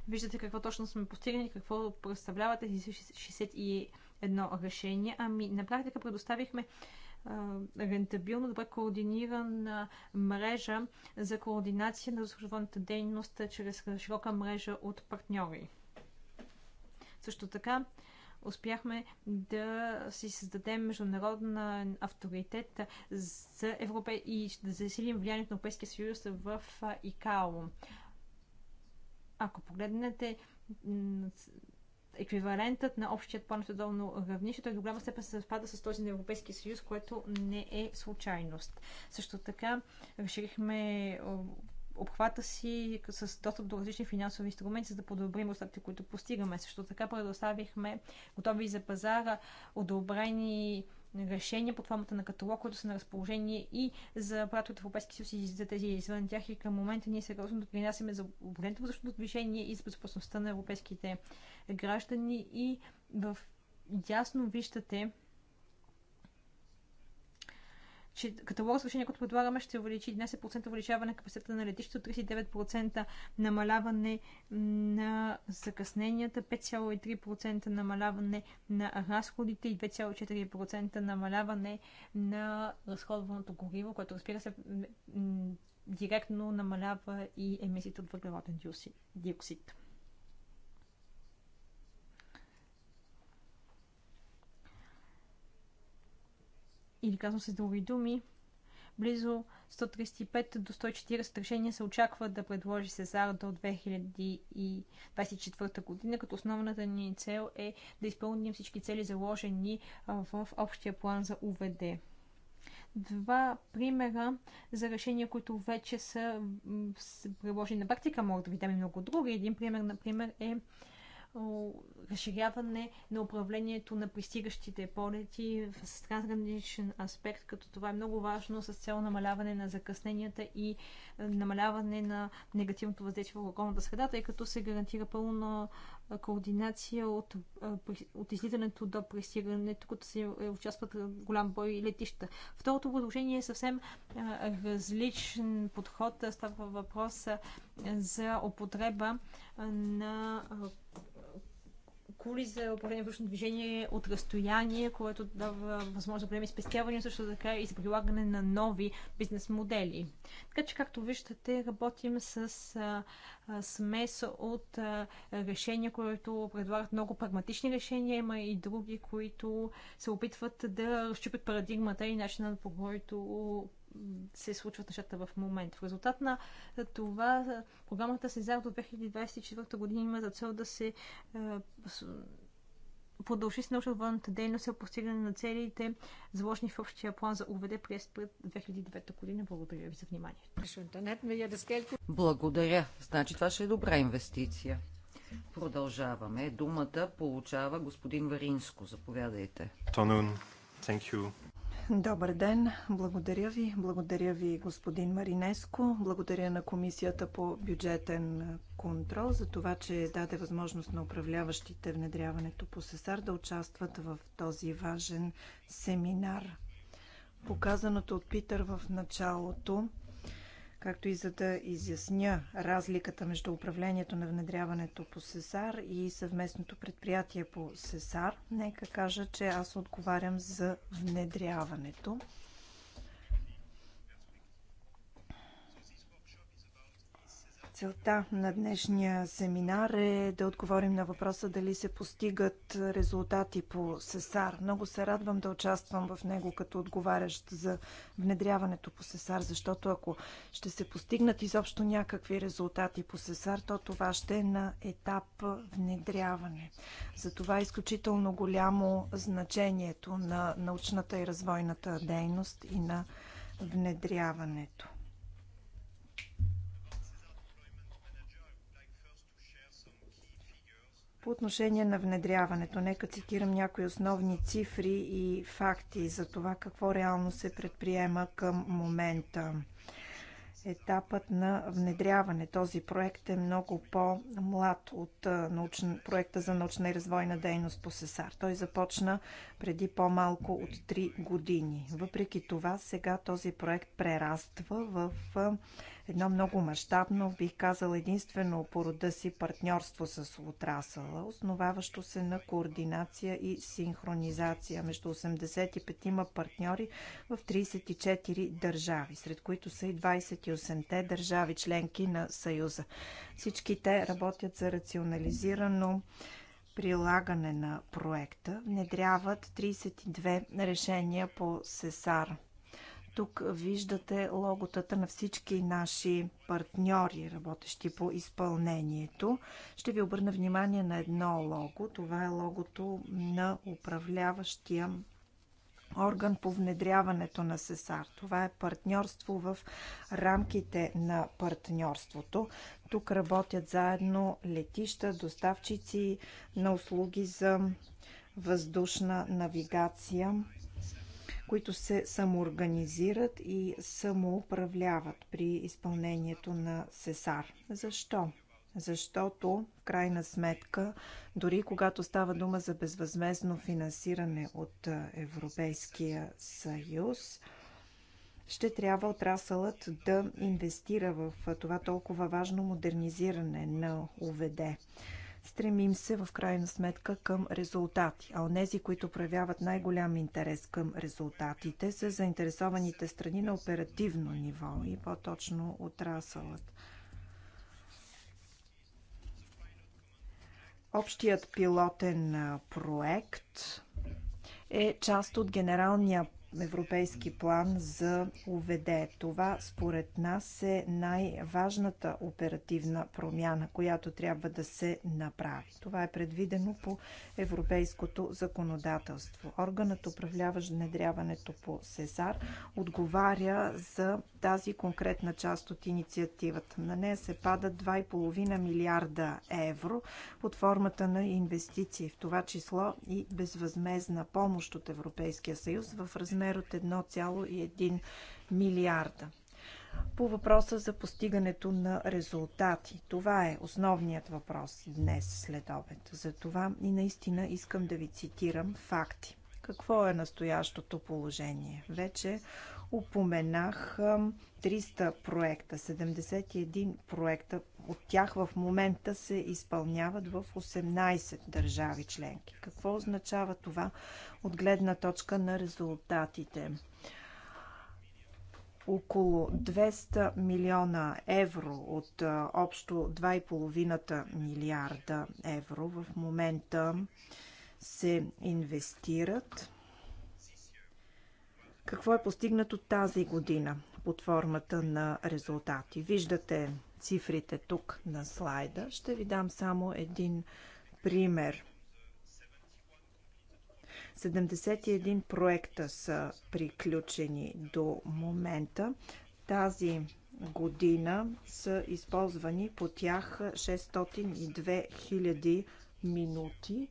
виждате какво точно сме постигнали, какво представляват тези 61 решения. Ами, на практика предоставихме рентабилна, добре координирана мрежа за координация на разходваната дейност чрез широка мрежа от партньори. Също така, успяхме да си създадем международен авторитет за Европе и да засилим влиянието на Европейския съюз в ИКАО. Ако погледнете еквивалентът на общият план световно равнище, той до голяма степен се съвпада с този на Европейския съюз, което не е случайност. Също така разширихме обхвата си с достъп до различни финансови инструменти, за да подобрим остатите, които постигаме. Също така предоставихме готови за пазара одобрени решения под формата на каталог, които са на разположение и за апаратите в Европейски съюз и за тези извън тях. И към момента ние сериозно допринасяме за обгоденото въздушното движение и за безопасността на европейските граждани. И в ясно виждате, че каталог с решение, което предлагаме, ще увеличи 11% увеличаване на капацитета на летището, 39% намаляване на закъсненията, 5,3% намаляване на разходите и 2,4% намаляване на разходваното гориво, което разбира се директно намалява и емисията от въглероден диоксид. Или казвам с други думи, близо 135 до 140 решения се очаква да предложи Сезар до 2024 година, като основната ни цел е да изпълним всички цели заложени в общия план за УВД. Два примера за решения, които вече са приложени на практика, могат да ви дам и много други. Един пример, например, е разширяване на управлението на пристигащите полети в трансграничен аспект, като това е много важно с цел намаляване на закъсненията и е, намаляване на негативното въздействие в околната среда, тъй като се гарантира пълно координация от, от излизането до пристигането, като се е, участват голям бой летища. Второто предложение е съвсем различен подход. Става въпрос за употреба на коли за управление вършно движение от разстояние, което дава възможност за големи спестявания, също така и за прилагане на нови бизнес модели. Така че, както виждате, работим с а, а, смес от а, решения, които предлагат много прагматични решения, има и други, които се опитват да разчупят парадигмата и начина по който се случват нещата в момента. В резултат на това програмата се Сезар до 2024 година има за цел да се е, продължи с научно отворената дейност и постигане на целите, заложени в общия план за УВД през 2009 година. Благодаря ви за вниманието.
Благодаря. Значи това ще е добра инвестиция. Продължаваме. Думата получава господин Варинско. Заповядайте. Тонун. Thank you Добър
ден! Благодаря ви. Благодаря ви, господин Маринеско. Благодаря на Комисията по бюджетен контрол за това, че даде възможност на управляващите внедряването по СЕСАР да участват в този важен семинар. Показаното от Питър в началото – както и за да изясня разликата между управлението на внедряването по СЕСАР и съвместното предприятие по СЕСАР, нека кажа, че аз отговарям за внедряването. Целта на днешния семинар е да отговорим на въпроса дали се постигат резултати по СЕСАР. Много се радвам да участвам в него като отговарящ за внедряването по СЕСАР, защото ако ще се постигнат изобщо някакви резултати по СЕСАР, то това ще е на етап внедряване. Затова е изключително голямо значението на научната и развойната дейност и на внедряването. По отношение на внедряването, нека цитирам някои основни цифри и факти за това какво реално се предприема към момента. Етапът на внедряване. Този проект е много по-млад от научен, проекта за научна и развойна дейност по СЕСАР. Той започна преди по-малко от 3 години. Въпреки това, сега този проект прераства в едно много мащабно, бих казал единствено по рода си партньорство с отрасъла, основаващо се на координация и синхронизация между 85-ма партньори в 34 държави, сред които са и 28-те държави членки на Съюза. Всички те работят за рационализирано прилагане на проекта внедряват 32 решения по СЕСАР. Тук виждате логотата на всички наши партньори, работещи по изпълнението. Ще ви обърна внимание на едно лого. Това е логото на управляващия орган по внедряването на СЕСАР. Това е партньорство в рамките на партньорството. Тук работят заедно летища, доставчици на услуги за въздушна навигация които се самоорганизират и самоуправляват при изпълнението на СЕСАР. Защо? Защото, в крайна сметка, дори когато става дума за безвъзмезно финансиране от Европейския съюз, ще трябва отрасълът да инвестира в това толкова важно модернизиране на ОВД. Стремим се в крайна сметка към резултати, а онези, които проявяват най-голям интерес към резултатите, са заинтересованите страни на оперативно ниво и по-точно отрасълът. Общият пилотен проект е част от генералния европейски план за ОВД. Това според нас е най-важната оперативна промяна, която трябва да се направи. Това е предвидено по европейското законодателство. Органът, управляващ внедряването по СЕСАР, отговаря за тази конкретна част от инициативата. На нея се падат 2,5 милиарда евро под формата на инвестиции, в това число и безвъзмезна помощ от Европейския съюз в размер размер от 1,1 милиарда. По въпроса за постигането на резултати. Това е основният въпрос днес след обед. За това и наистина искам да ви цитирам факти. Какво е настоящото положение? Вече упоменах 300 проекта, 71 проекта. От тях в момента се изпълняват в 18 държави членки. Какво означава това от гледна точка на резултатите? около 200 милиона евро от общо 2,5 милиарда евро в момента се инвестират какво е постигнато тази година под формата на резултати? Виждате цифрите тук на слайда. Ще ви дам само един пример. 71 проекта са приключени до момента. Тази година са използвани по тях 602 000 минути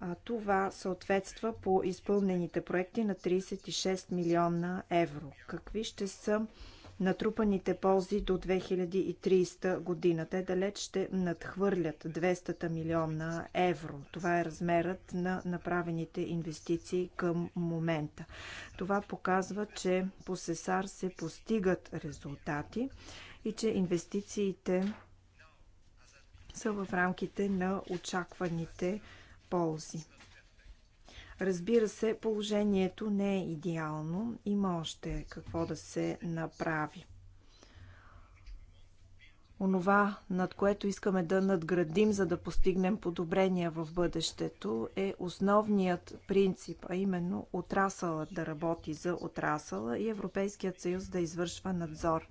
А това съответства по изпълнените проекти на 36 милиона евро. Какви ще са натрупаните ползи до 2030 година? Те далеч ще надхвърлят 200 милиона евро. Това е размерът на направените инвестиции към момента. Това показва, че по СЕСАР се постигат резултати и че инвестициите са в рамките на очакваните ползи. Разбира се, положението не е идеално. Има още какво да се направи. Онова, над което искаме да надградим, за да постигнем подобрения в бъдещето, е основният принцип, а именно отрасълът да работи за отрасъла и Европейският съюз да извършва надзор.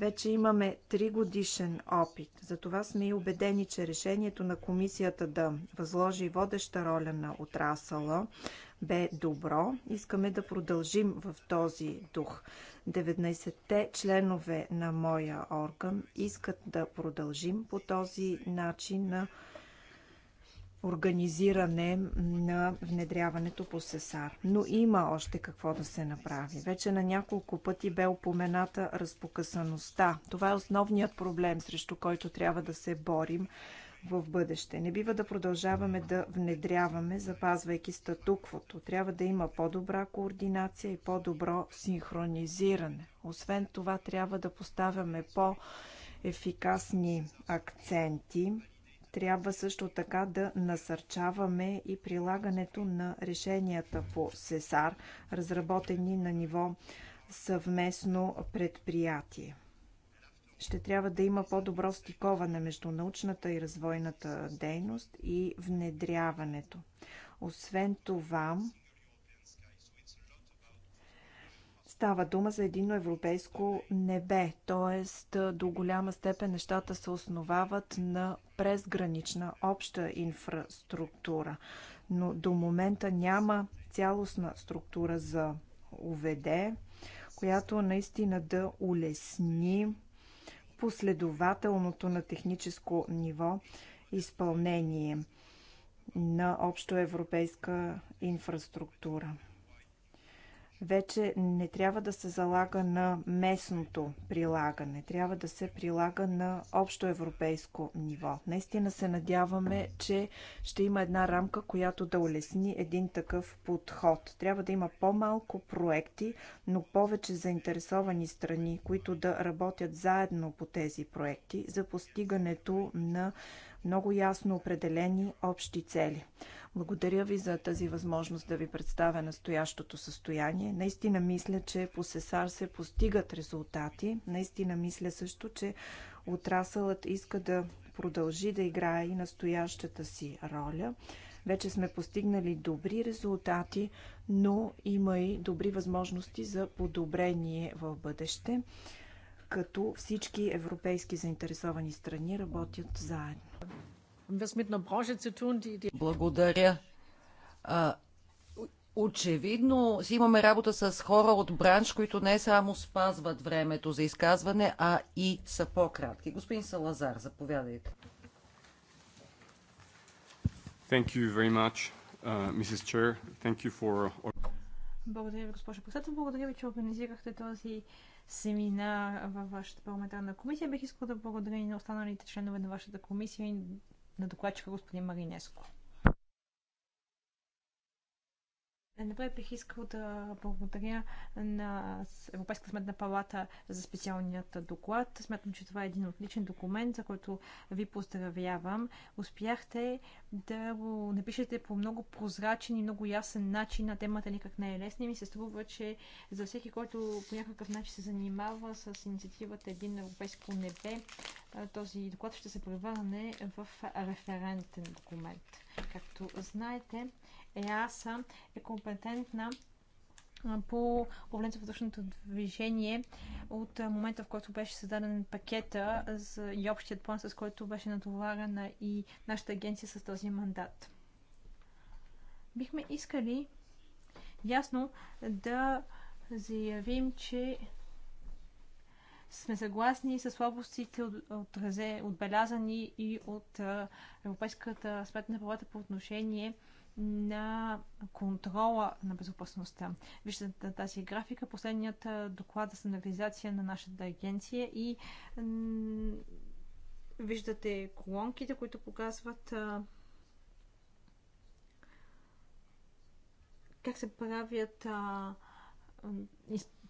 Вече имаме три годишен опит. Затова сме и убедени, че решението на комисията да възложи водеща роля на отрасъла бе добро. Искаме да продължим в този дух. 19-те членове на моя орган искат да продължим по този начин на организиране на внедряването по СЕСАР. Но има още какво да се направи. Вече на няколко пъти бе упомената разпокъсаността. Това е основният проблем, срещу който трябва да се борим в бъдеще. Не бива да продължаваме да внедряваме, запазвайки статуквото. Трябва да има по-добра координация и по-добро синхронизиране. Освен това, трябва да поставяме по-ефикасни акценти трябва също така да насърчаваме и прилагането на решенията по СЕСАР, разработени на ниво съвместно предприятие. Ще трябва да има по-добро стиковане между научната и развойната дейност и внедряването. Освен това, Става дума за единно европейско небе, т.е. до голяма степен нещата се основават на презгранична обща инфраструктура. Но до момента няма цялостна структура за ОВД, която наистина да улесни последователното на техническо ниво изпълнение на общоевропейска инфраструктура вече не трябва да се залага на местното прилагане, трябва да се прилага на общо европейско ниво. Наистина се надяваме, че ще има една рамка, която да улесни един такъв подход. Трябва да има по-малко проекти, но повече заинтересовани страни, които да работят заедно по тези проекти за постигането на много ясно определени общи цели. Благодаря ви за тази възможност да ви представя настоящото състояние. Наистина мисля, че по СЕСАР се постигат резултати. Наистина мисля също, че отрасълът иска да продължи да играе и настоящата си роля. Вече сме постигнали добри резултати, но има и добри възможности за подобрение в бъдеще като всички европейски заинтересовани
страни работят заедно. Благодаря. Очевидно си имаме работа с хора от бранш, които не само спазват времето за изказване, а и са по-кратки. Господин Салазар, заповядайте. Thank you very much, uh, Mrs. Chair. Thank you for...
Благодаря ви, госпожо председател. Благодаря ви, че организирахте този uh, семинар във вашата парламентарна комисия. Бих искала да благодаря и на останалите членове на вашата комисия и на докладчика господин Маринеско. Добре, бих искал да благодаря на Европейската сметна палата за специалният доклад. Смятам, че това е един отличен документ, за който ви поздравявам. Успяхте да го напишете по много прозрачен и много ясен начин на темата никак не е лесна и ми се струва, че за всеки, който по някакъв начин се занимава с инициативата Един европейско небе, този доклад ще се превърне в референтен документ. Както знаете, ЕАСА е компетентна по управлението въздушното движение от момента, в който беше създаден пакета за и общият план, с който беше натоварена и нашата агенция с този мандат. Бихме искали ясно да заявим, че сме съгласни с слабостите, отразе, отбелязани и от Европейската сметна палата по отношение на контрола на безопасността. Виждате тази графика, последният доклад за стандартизация на нашата агенция и виждате колонките, които показват как се правят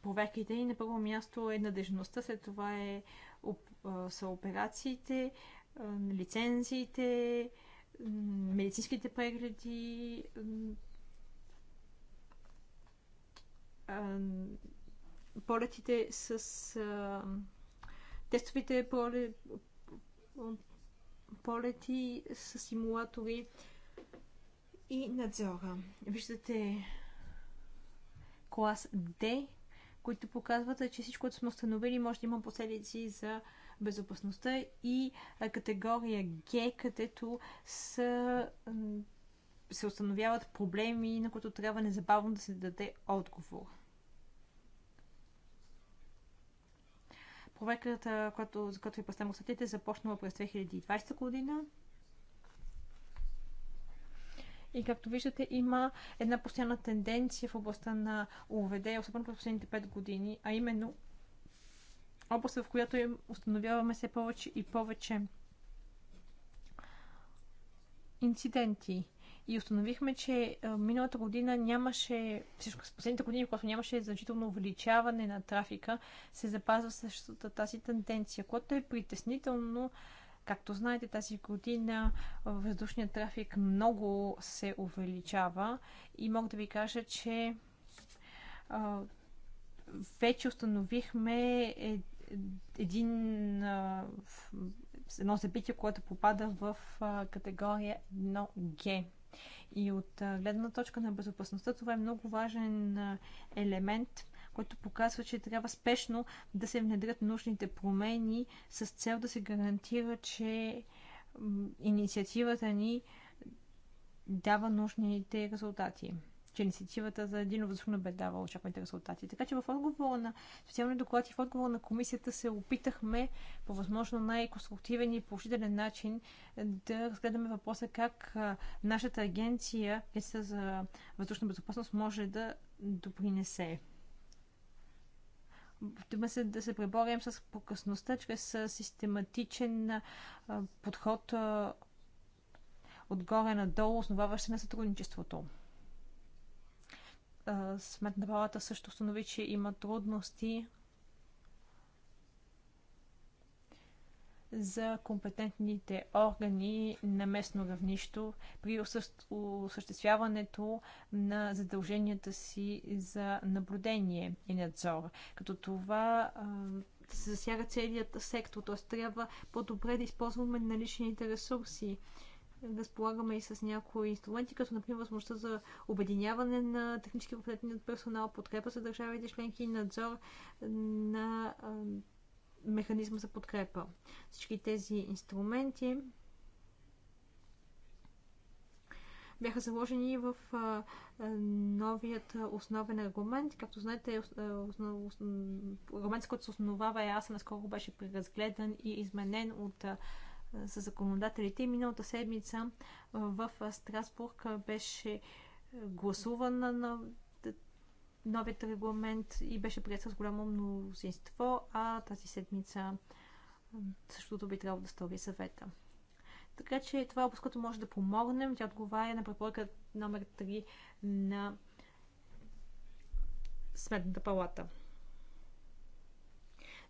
проверките и на първо място е надежността, след това е, са операциите, лицензиите, медицинските прегледи, полетите с тестовите полети с симулатори и надзора. Виждате клас D, които показват, че всичко, което сме установили, може да има последици за безопасността и категория Г, където са, се установяват проблеми, на които трябва незабавно да се даде отговор. Проверката, която, за която ви представям е започнала през 2020 година. И както виждате, има една постоянна тенденция в областта на ОВД, особено през последните 5 години, а именно област, в която им установяваме все повече и повече инциденти. И установихме, че миналата година нямаше, всъщност последните години, когато нямаше значително увеличаване на трафика, се запазва същата тази тенденция, което е притеснително. Както знаете, тази година въздушният трафик много се увеличава и мога да ви кажа, че вече установихме един, едно събитие, което попада в категория 1G. И от гледна точка на безопасността това е много важен елемент, който показва, че трябва спешно да се внедрят нужните промени с цел да се гарантира, че инициативата ни дава нужните резултати че инициативата за един въздух не бе очакваните резултати. Така че в отговор на специалния доклад и в отговор на комисията се опитахме по възможно най-конструктивен и положителен начин е, да разгледаме въпроса как е, нашата агенция, Агенция за въздушна безопасност, може да допринесе. Опитваме се да се преборим с покъсността чрез е, систематичен подход отгоре надолу, основаващ се на сътрудничеството. Сметна палата също установи, че има трудности за компетентните органи на местно равнище при осъществяването на задълженията си за наблюдение и надзор. Като това се засяга целият сектор, т.е. трябва по-добре да използваме наличните ресурси разполагаме и с някои инструменти, като например възможността за обединяване на технически от персонал, подкрепа за държавите членки и надзор на механизма за подкрепа. Всички тези инструменти бяха заложени в новият основен регламент. Както знаете, е, е, регламент, с който се основава ЕАСА, наскоро беше преразгледан и изменен от с законодателите. И миналата седмица в Страсбург беше гласуван на новият регламент и беше прият с голямо мнозинство, а тази седмица същото би трябвало да стори съвета. Така че това е област, което може да помогнем. Тя отговаря на препоръка номер 3 на Сметната палата.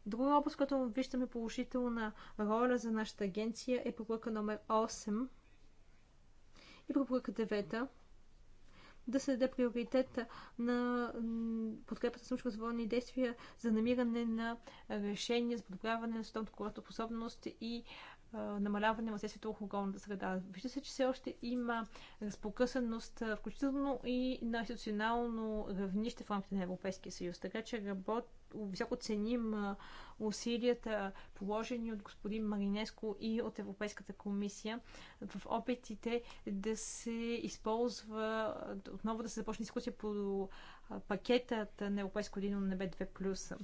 Друга област, която виждаме положителна роля за нашата агенция е препоръка номер 8 и препоръка 9 да се даде приоритет на подкрепата с научно действия за намиране на решения за подобряване на световната конкурентоспособност и намаляване на следствието в околната среда. Вижда се, че все още има разпокъсаност, включително и на институционално равнище в рамките на Европейския съюз. Така че работ... високо ценим усилията, положени от господин Маринеско и от Европейската комисия в опитите да се използва, отново да се започне дискусия по пакетът на Европейско на небе 2+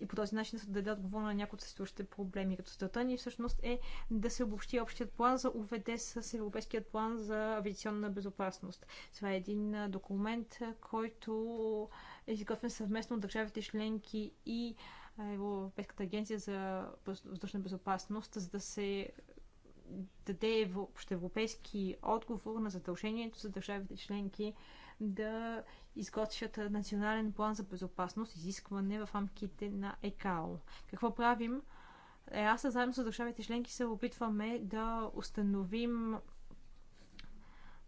и по този начин да се даде отговор на някои от съществуващите проблеми. Като целта ни всъщност е да се обобщи общият план за УВД с Европейският план за авиационна безопасност. Това е един документ, който е изготвен съвместно от държавите членки и Европейската агенция за въздушна безопасност, за да се даде европейски отговор на задължението за държавите членки да изготвят национален план за безопасност, изискване в рамките на ЕКАО. Какво правим? Е, аз заедно с държавите членки се опитваме да установим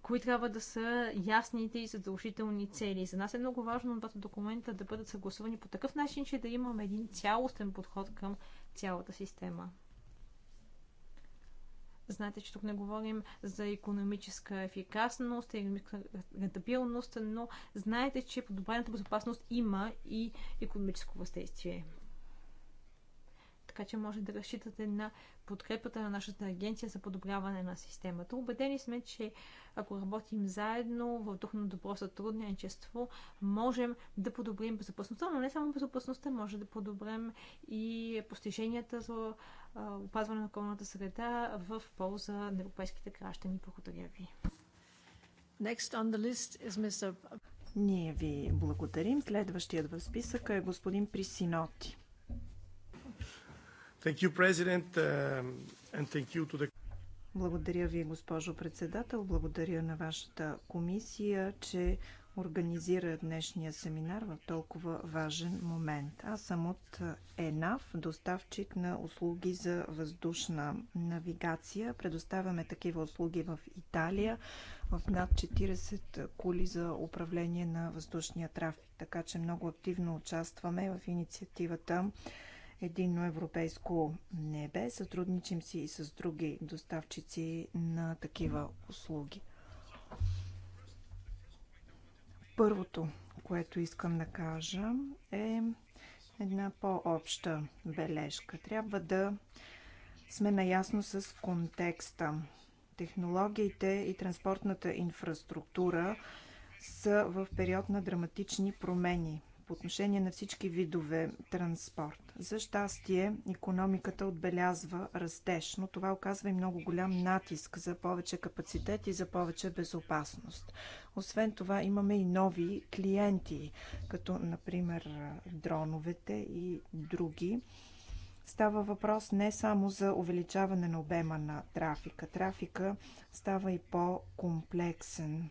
кои трябва да са ясните и задължителни цели. За нас е много важно двата документа да бъдат съгласувани по такъв начин, че да имаме един цялостен подход към цялата система. Знаете, че тук не говорим за економическа ефикасност, економическа рентабилност, но знаете, че подобрената безопасност има и економическо въздействие. Така че може да разчитате на подкрепата на нашата агенция за подобряване на системата. Убедени сме, че ако работим заедно в дух на добро сътрудничество, можем да подобрим безопасността, но не само безопасността, може да подобрим и постиженията за опазване на околната среда в полза на европейските граждани. Благодаря ви. Next on
the list is Mr. Ние ви благодарим. Следващият в списъка е господин Присиноти.
Thank you, President, uh, and thank you to the...
Благодаря ви, госпожо председател. Благодаря на вашата комисия, че организира днешния семинар в толкова важен момент. Аз съм от ЕНАВ, доставчик на услуги за въздушна навигация. Предоставяме такива услуги в Италия в над 40 кули за управление на въздушния трафик. Така че много активно участваме в инициативата единно европейско небе. Сътрудничим си и с други доставчици на такива услуги. Първото, което искам да кажа е една по-обща бележка. Трябва да сме наясно с контекста. Технологиите и транспортната инфраструктура са в период на драматични промени по отношение на всички видове транспорт. За щастие, економиката отбелязва растеж, но това оказва и много голям натиск за повече капацитет и за повече безопасност. Освен това, имаме и нови клиенти, като например дроновете и други. Става въпрос не само за увеличаване на обема на трафика. Трафика става и по-комплексен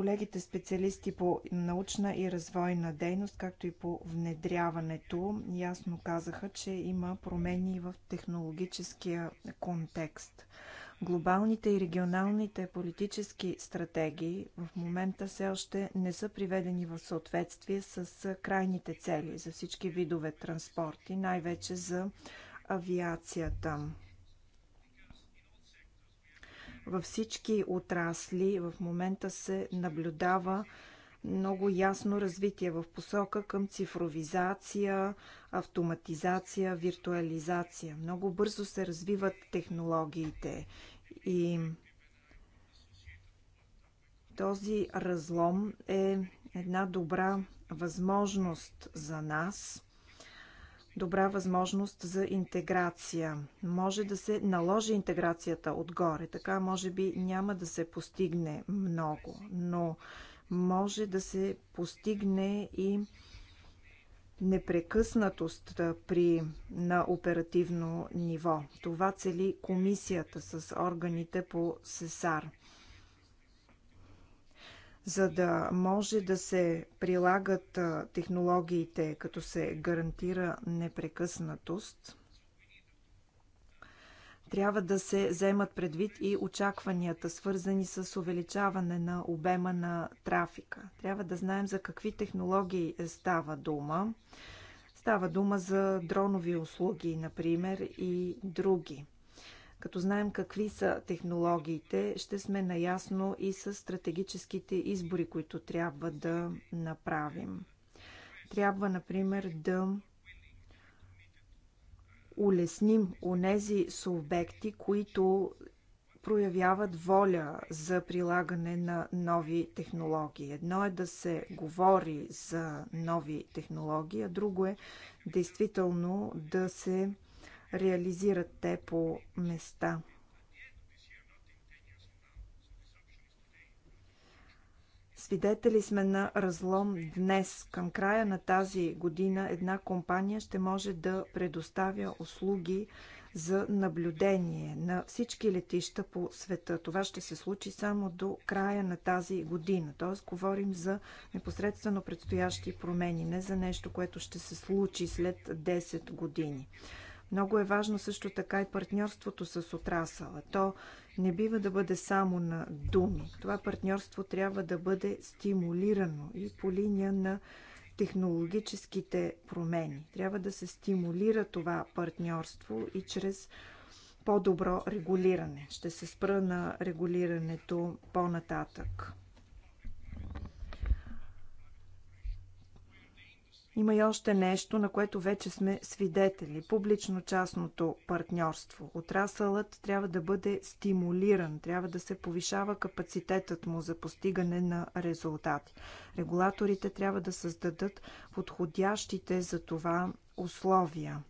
колегите специалисти по научна и развойна дейност, както и по внедряването, ясно казаха, че има промени в технологическия контекст. Глобалните и регионалните политически стратегии в момента все още не са приведени в съответствие с крайните цели за всички видове транспорти, най-вече за авиацията. Във всички отрасли в момента се наблюдава много ясно развитие в посока към цифровизация, автоматизация, виртуализация. Много бързо се развиват технологиите и този разлом е една добра възможност за нас добра възможност за интеграция. Може да се наложи интеграцията отгоре, така може би няма да се постигне много, но може да се постигне и непрекъснатост при, на оперативно ниво. Това цели комисията с органите по СЕСАР за да може да се прилагат технологиите, като се гарантира непрекъснатост, трябва да се вземат предвид и очакванията, свързани с увеличаване на обема на трафика. Трябва да знаем за какви технологии е става дума. Става дума за дронови услуги, например, и други. Като знаем какви са технологиите, ще сме наясно и с стратегическите избори, които трябва да направим. Трябва, например, да улесним онези субекти, които проявяват воля за прилагане на нови технологии. Едно е да се говори за нови технологии, а друго е действително да се реализират те по места. Свидетели сме на разлом днес. Към края на тази година една компания ще може да предоставя услуги за наблюдение на всички летища по света. Това ще се случи само до края на тази година. Т.е. говорим за непосредствено предстоящи промени, не за нещо, което ще се случи след 10 години. Много е важно също така и партньорството с отрасъла. То не бива да бъде само на думи. Това партньорство трябва да бъде стимулирано и по линия на технологическите промени. Трябва да се стимулира това партньорство и чрез по-добро регулиране. Ще се спра на регулирането по-нататък. Има и още нещо, на което вече сме свидетели – публично-частното партньорство. Отрасълът трябва да бъде стимулиран, трябва да се повишава капацитетът му за постигане на резултати. Регулаторите трябва да създадат подходящите за това условия.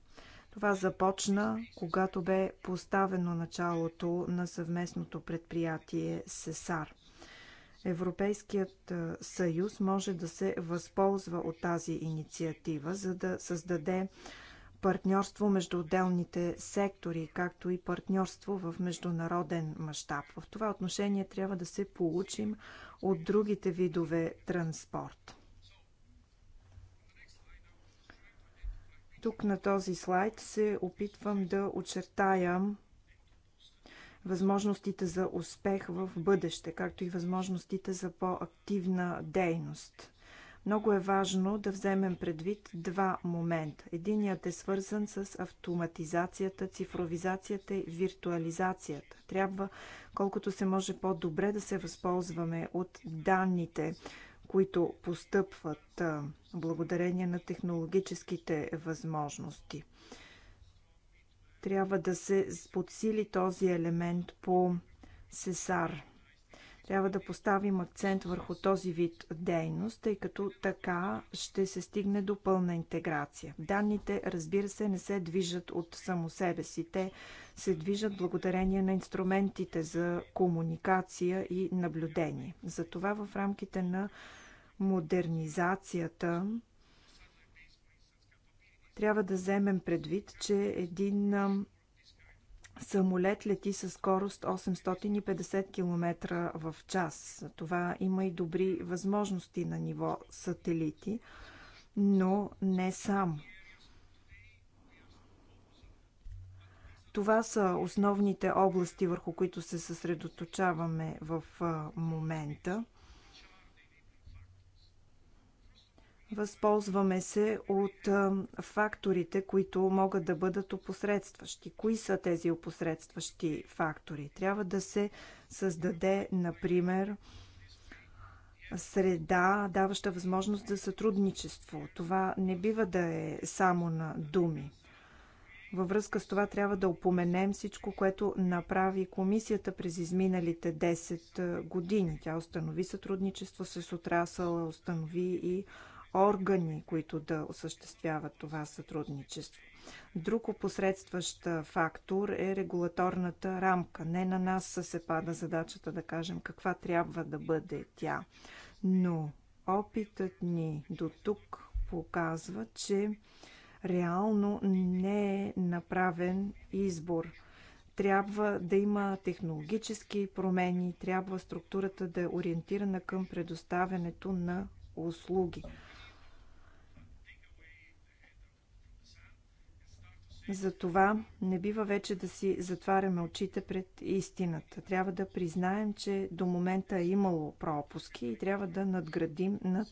Това започна, когато бе поставено началото на съвместното предприятие СЕСАР – Европейският съюз може да се възползва от тази инициатива, за да създаде партньорство между отделните сектори, както и партньорство в международен мащаб. В това отношение трябва да се получим от другите видове транспорт. Тук на този слайд се опитвам да очертая възможностите за успех в бъдеще, както и възможностите за по-активна дейност. Много е важно да вземем предвид два момента. Единият е свързан с автоматизацията, цифровизацията и виртуализацията. Трябва колкото се може по-добре да се възползваме от данните, които постъпват благодарение на технологическите възможности. Трябва да се подсили този елемент по СЕСАР. Трябва да поставим акцент върху този вид дейност, тъй като така ще се стигне до пълна интеграция. Данните, разбира се, не се движат от само себе си. Те се движат благодарение на инструментите за комуникация и наблюдение. Затова в рамките на модернизацията трябва да вземем предвид, че един самолет лети със скорост 850 км в час. Това има и добри възможности на ниво сателити, но не само. Това са основните области, върху които се съсредоточаваме в момента. Възползваме се от факторите, които могат да бъдат опосредстващи. Кои са тези опосредстващи фактори? Трябва да се създаде, например, среда, даваща възможност за сътрудничество. Това не бива да е само на думи. Във връзка с това трябва да опоменем всичко, което направи комисията през изминалите 10 години. Тя установи сътрудничество с отрасъла, установи и органи, които да осъществяват това сътрудничество. Друг посредстващ фактор е регулаторната рамка. Не на нас се пада задачата да кажем каква трябва да бъде тя. Но опитът ни до тук показва, че реално не е направен избор. Трябва да има технологически промени, трябва структурата да е ориентирана към предоставянето на услуги. Затова не бива вече да си затваряме очите пред истината. Трябва да признаем, че до момента е имало пропуски и трябва да надградим над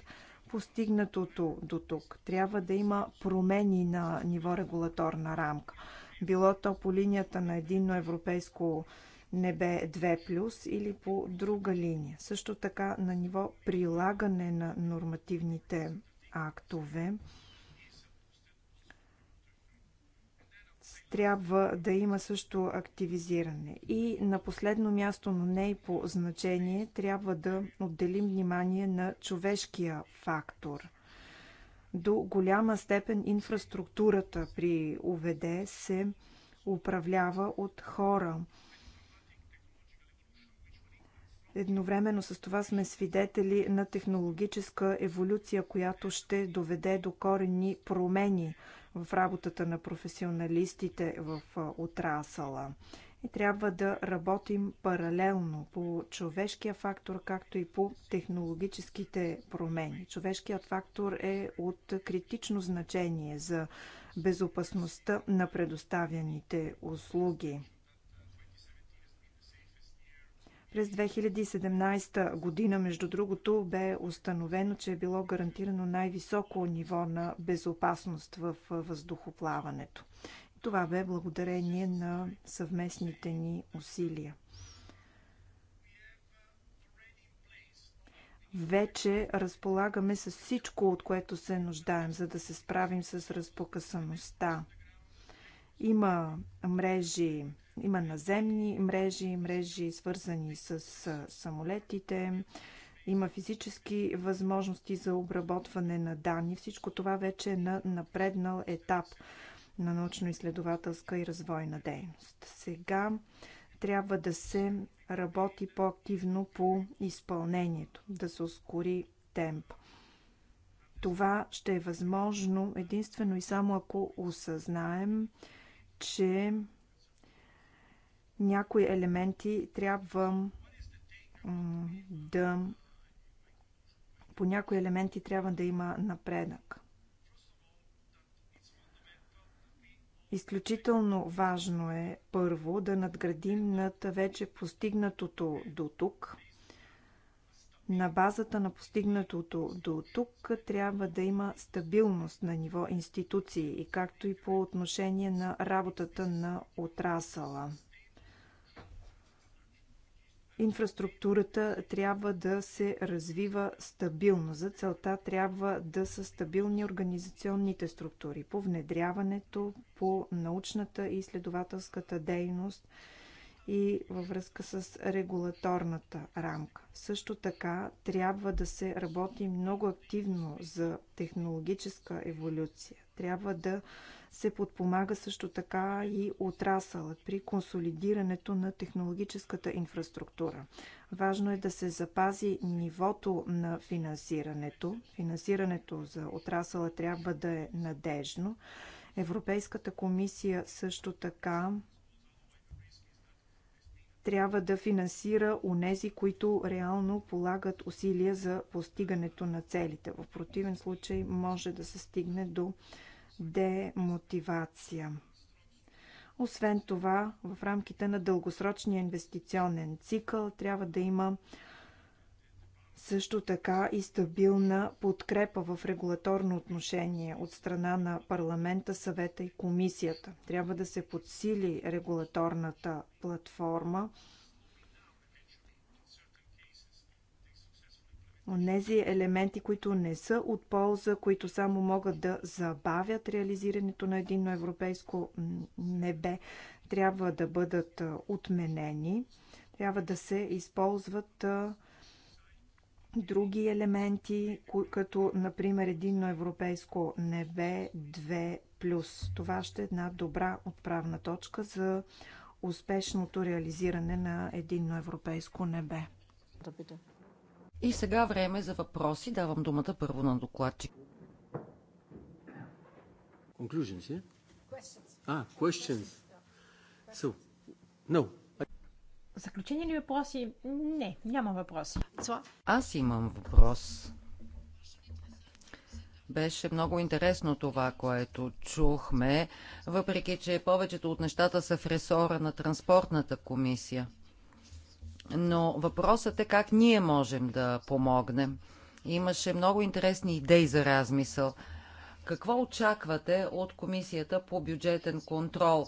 постигнатото до тук. Трябва да има промени на ниво регулаторна рамка. Било то по линията на единно европейско небе 2+, или по друга линия. Също така на ниво прилагане на нормативните актове, трябва да има също активизиране. И на последно място, но не и по значение, трябва да отделим внимание на човешкия фактор. До голяма степен инфраструктурата при ОВД се управлява от хора. Едновременно с това сме свидетели на технологическа еволюция, която ще доведе до корени промени в работата на професионалистите в отрасала. И трябва да работим паралелно по човешкия фактор, както и по технологическите промени. Човешкият фактор е от критично значение за безопасността на предоставяните услуги. През 2017 година, между другото, бе установено, че е било гарантирано най-високо ниво на безопасност в въздухоплаването. Това бе благодарение на съвместните ни усилия. Вече разполагаме с всичко, от което се нуждаем, за да се справим с разпокъсаността. Има мрежи има наземни мрежи, мрежи свързани с самолетите, има физически възможности за обработване на данни. Всичко това вече е на напреднал етап на научно-изследователска и развойна дейност. Сега трябва да се работи по-активно по изпълнението, да се ускори темп. Това ще е възможно единствено и само ако осъзнаем, че някои елементи трябва да по някои елементи трябва да има напредък. Изключително важно е първо да надградим над вече постигнатото до тук. На базата на постигнатото до тук трябва да има стабилност на ниво институции както и по отношение на работата на отрасала – Инфраструктурата трябва да се развива стабилно. За целта трябва да са стабилни организационните структури по внедряването, по научната и изследователската дейност и във връзка с регулаторната рамка. Също така трябва да се работи много активно за технологическа еволюция. Трябва да се подпомага също така и отрасълът при консолидирането на технологическата инфраструктура. Важно е да се запази нивото на финансирането. Финансирането за отрасъла трябва да е надежно. Европейската комисия също така трябва да финансира унези, които реално полагат усилия за постигането на целите. В противен случай може да се стигне до демотивация. Освен това, в рамките на дългосрочния инвестиционен цикъл трябва да има също така и стабилна подкрепа в регулаторно отношение от страна на парламента, съвета и комисията. Трябва да се подсили регулаторната платформа, онези елементи, които не са от полза, които само могат да забавят реализирането на единно европейско небе, трябва да бъдат отменени. Трябва да се използват други елементи, като например единно европейско небе 2+. Това ще е една добра отправна точка за успешното реализиране на единно европейско небе. Да,
и сега време за въпроси. Давам думата първо на докладчик. Conclusions, yeah? Questions. Ah, questions. So, no.
Заключени ли въпроси? Не, няма въпроси.
Аз имам въпрос. Беше много интересно това, което чухме, въпреки че повечето от нещата са в ресора на транспортната комисия но въпросът е как ние можем да помогнем. Имаше много интересни идеи за размисъл. Какво очаквате от Комисията по бюджетен контрол?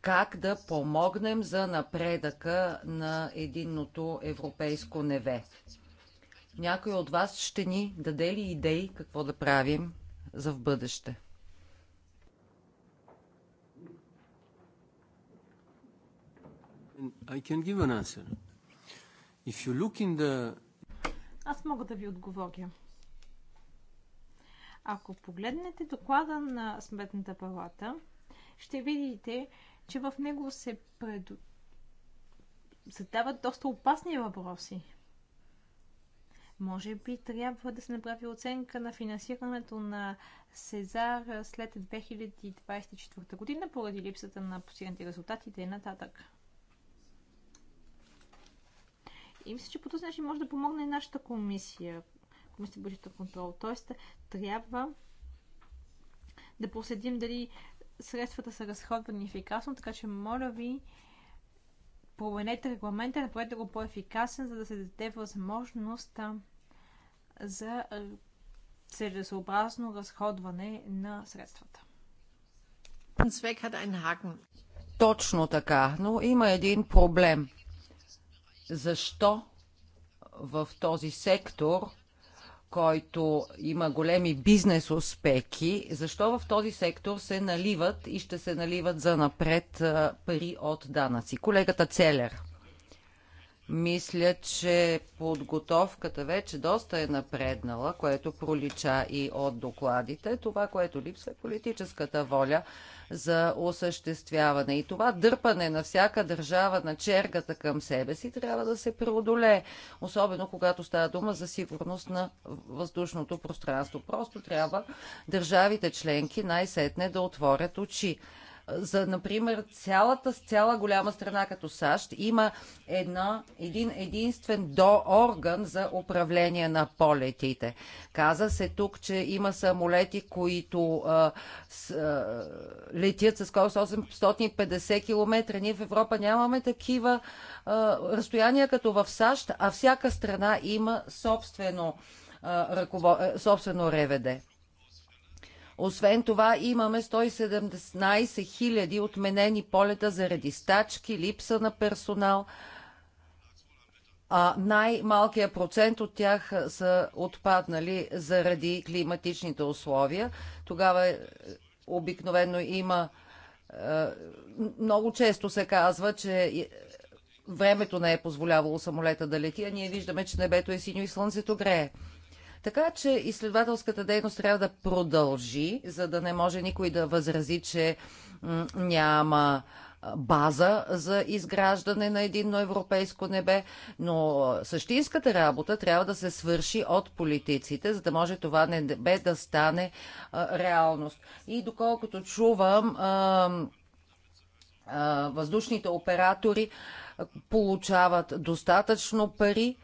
Как да помогнем за напредъка на единното европейско неве? Някой от вас ще ни даде ли идеи какво да правим за в бъдеще?
I can give an answer.
If you look in the...
Аз мога да ви отговоря. Ако погледнете доклада на Сметната палата, ще видите, че в него се пред... задават доста опасни въпроси. Може би трябва да се направи оценка на финансирането на Сезар след 2024 година, поради липсата на постигнати резултати и нататък. И мисля, че по този начин може да помогне и нашата комисия, комисията бюджетен контрол. Тоест, трябва да проследим дали средствата са разходвани ефикасно, така че моля ви, променете регламента, направете го по-ефикасен, за да се даде възможност за целесообразно разходване на средствата.
Точно така, но има един проблем – защо в този сектор, който има големи бизнес успехи, защо в този сектор се наливат и ще се наливат за напред пари от данъци? Колегата Целер. Мисля, че подготовката вече доста е напреднала, което пролича и от докладите. Това, което липсва е политическата воля за осъществяване. И това дърпане на всяка държава на чергата към себе си трябва да се преодолее, особено когато става дума за сигурност на въздушното пространство. Просто трябва държавите членки най-сетне да отворят очи. За, например, цялата, цяла голяма страна като САЩ има една, един единствен до орган за управление на полетите. Каза се тук, че има самолети, които а, с, а, летят с скорост 850 км. Ние в Европа нямаме такива а, разстояния като в САЩ, а всяка страна има собствено, а, ръково... собствено РВД. Освен това имаме 117 000 отменени полета заради стачки, липса на персонал. А най-малкият процент от тях са отпаднали заради климатичните условия. Тогава е, обикновено има е, много често се казва, че е, времето не е позволявало самолета да лети, а ние виждаме, че небето е синьо и слънцето грее. Така че изследователската дейност трябва да продължи, за да не може никой да възрази, че няма база за изграждане на единно европейско небе, но същинската работа трябва да се свърши от политиците, за да може това небе да стане реалност. И доколкото чувам, въздушните оператори получават достатъчно пари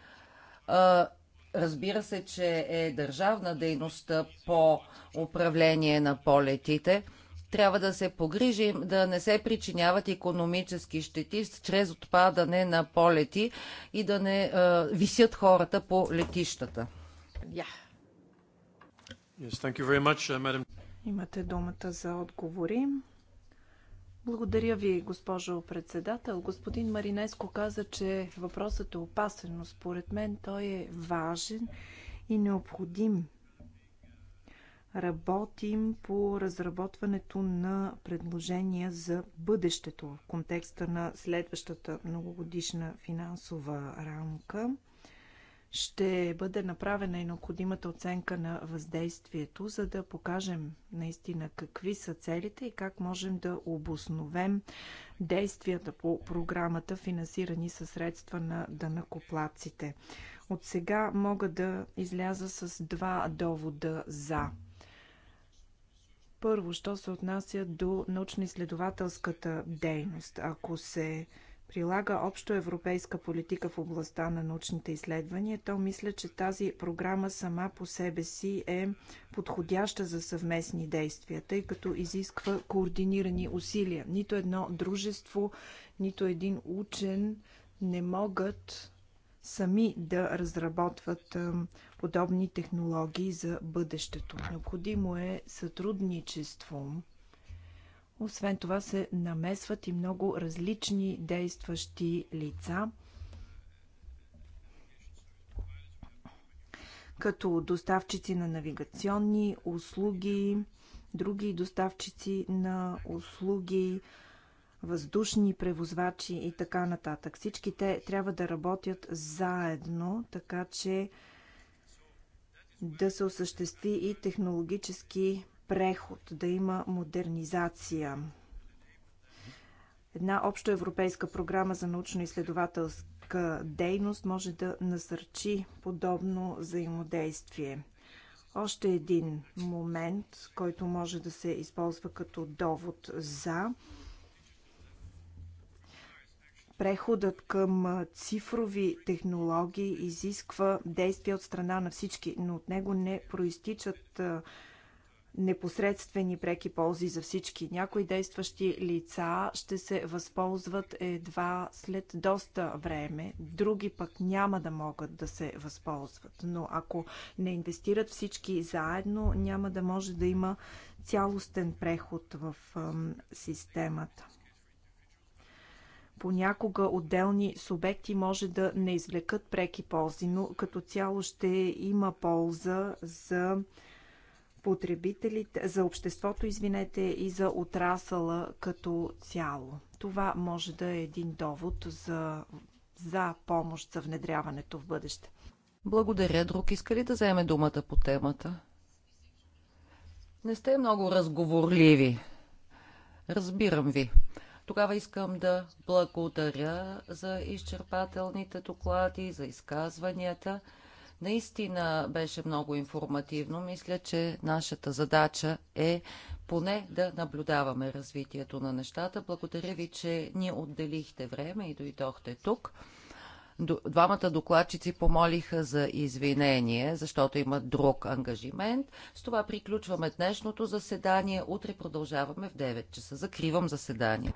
Разбира се, че е държавна дейността по управление на полетите. Трябва да се погрижим да не се причиняват економически щети чрез отпадане на полети и да не е, висят хората по летищата.
Yeah. Yes, much, uh, Имате думата за отговори. Благодаря ви, госпожо председател. Господин Маринеско каза, че въпросът е опасен, но според мен той е важен и необходим. Работим по разработването на предложения за бъдещето в контекста на следващата многогодишна финансова рамка ще бъде направена и необходимата оценка на въздействието, за да покажем наистина какви са целите и как можем да обосновем действията по програмата, финансирани със средства на данакоплаците. От сега мога да изляза с два довода за. Първо, що се отнася до научно-изследователската дейност. Ако се прилага общо европейска политика в областта на научните изследвания, то мисля, че тази програма сама по себе си е подходяща за съвместни действия, тъй като изисква координирани усилия. Нито едно дружество, нито един учен не могат сами да разработват подобни технологии за бъдещето. Необходимо е сътрудничество освен това се намесват и много различни действащи лица, като доставчици на навигационни услуги, други доставчици на услуги, въздушни превозвачи и така нататък. Всички те трябва да работят заедно, така че да се осъществи и технологически преход, да има модернизация. Една общоевропейска програма за научно-изследователска дейност може да насърчи подобно взаимодействие. Още един момент, който може да се използва като довод за преходът към цифрови технологии изисква действия от страна на всички, но от него не проистичат непосредствени преки ползи за всички. Някои действащи лица ще се възползват едва след доста време, други пък няма да могат да се възползват. Но ако не инвестират всички заедно, няма да може да има цялостен преход в системата понякога отделни субекти може да не извлекат преки ползи, но като цяло ще има полза за потребителите, за обществото, извинете, и за отрасъла като цяло. Това може да е един довод за, за помощ за внедряването
в бъдеще. Благодаря. Друг иска ли да вземе думата по темата? Не сте много разговорливи. Разбирам ви. Тогава искам да благодаря за изчерпателните доклади, за изказванията. Наистина беше много информативно. Мисля, че нашата задача е поне да наблюдаваме развитието на нещата. Благодаря ви, че ни отделихте време и дойдохте тук. Двамата докладчици помолиха за извинение, защото имат друг ангажимент. С това приключваме днешното заседание. Утре продължаваме в 9 часа. Закривам заседание.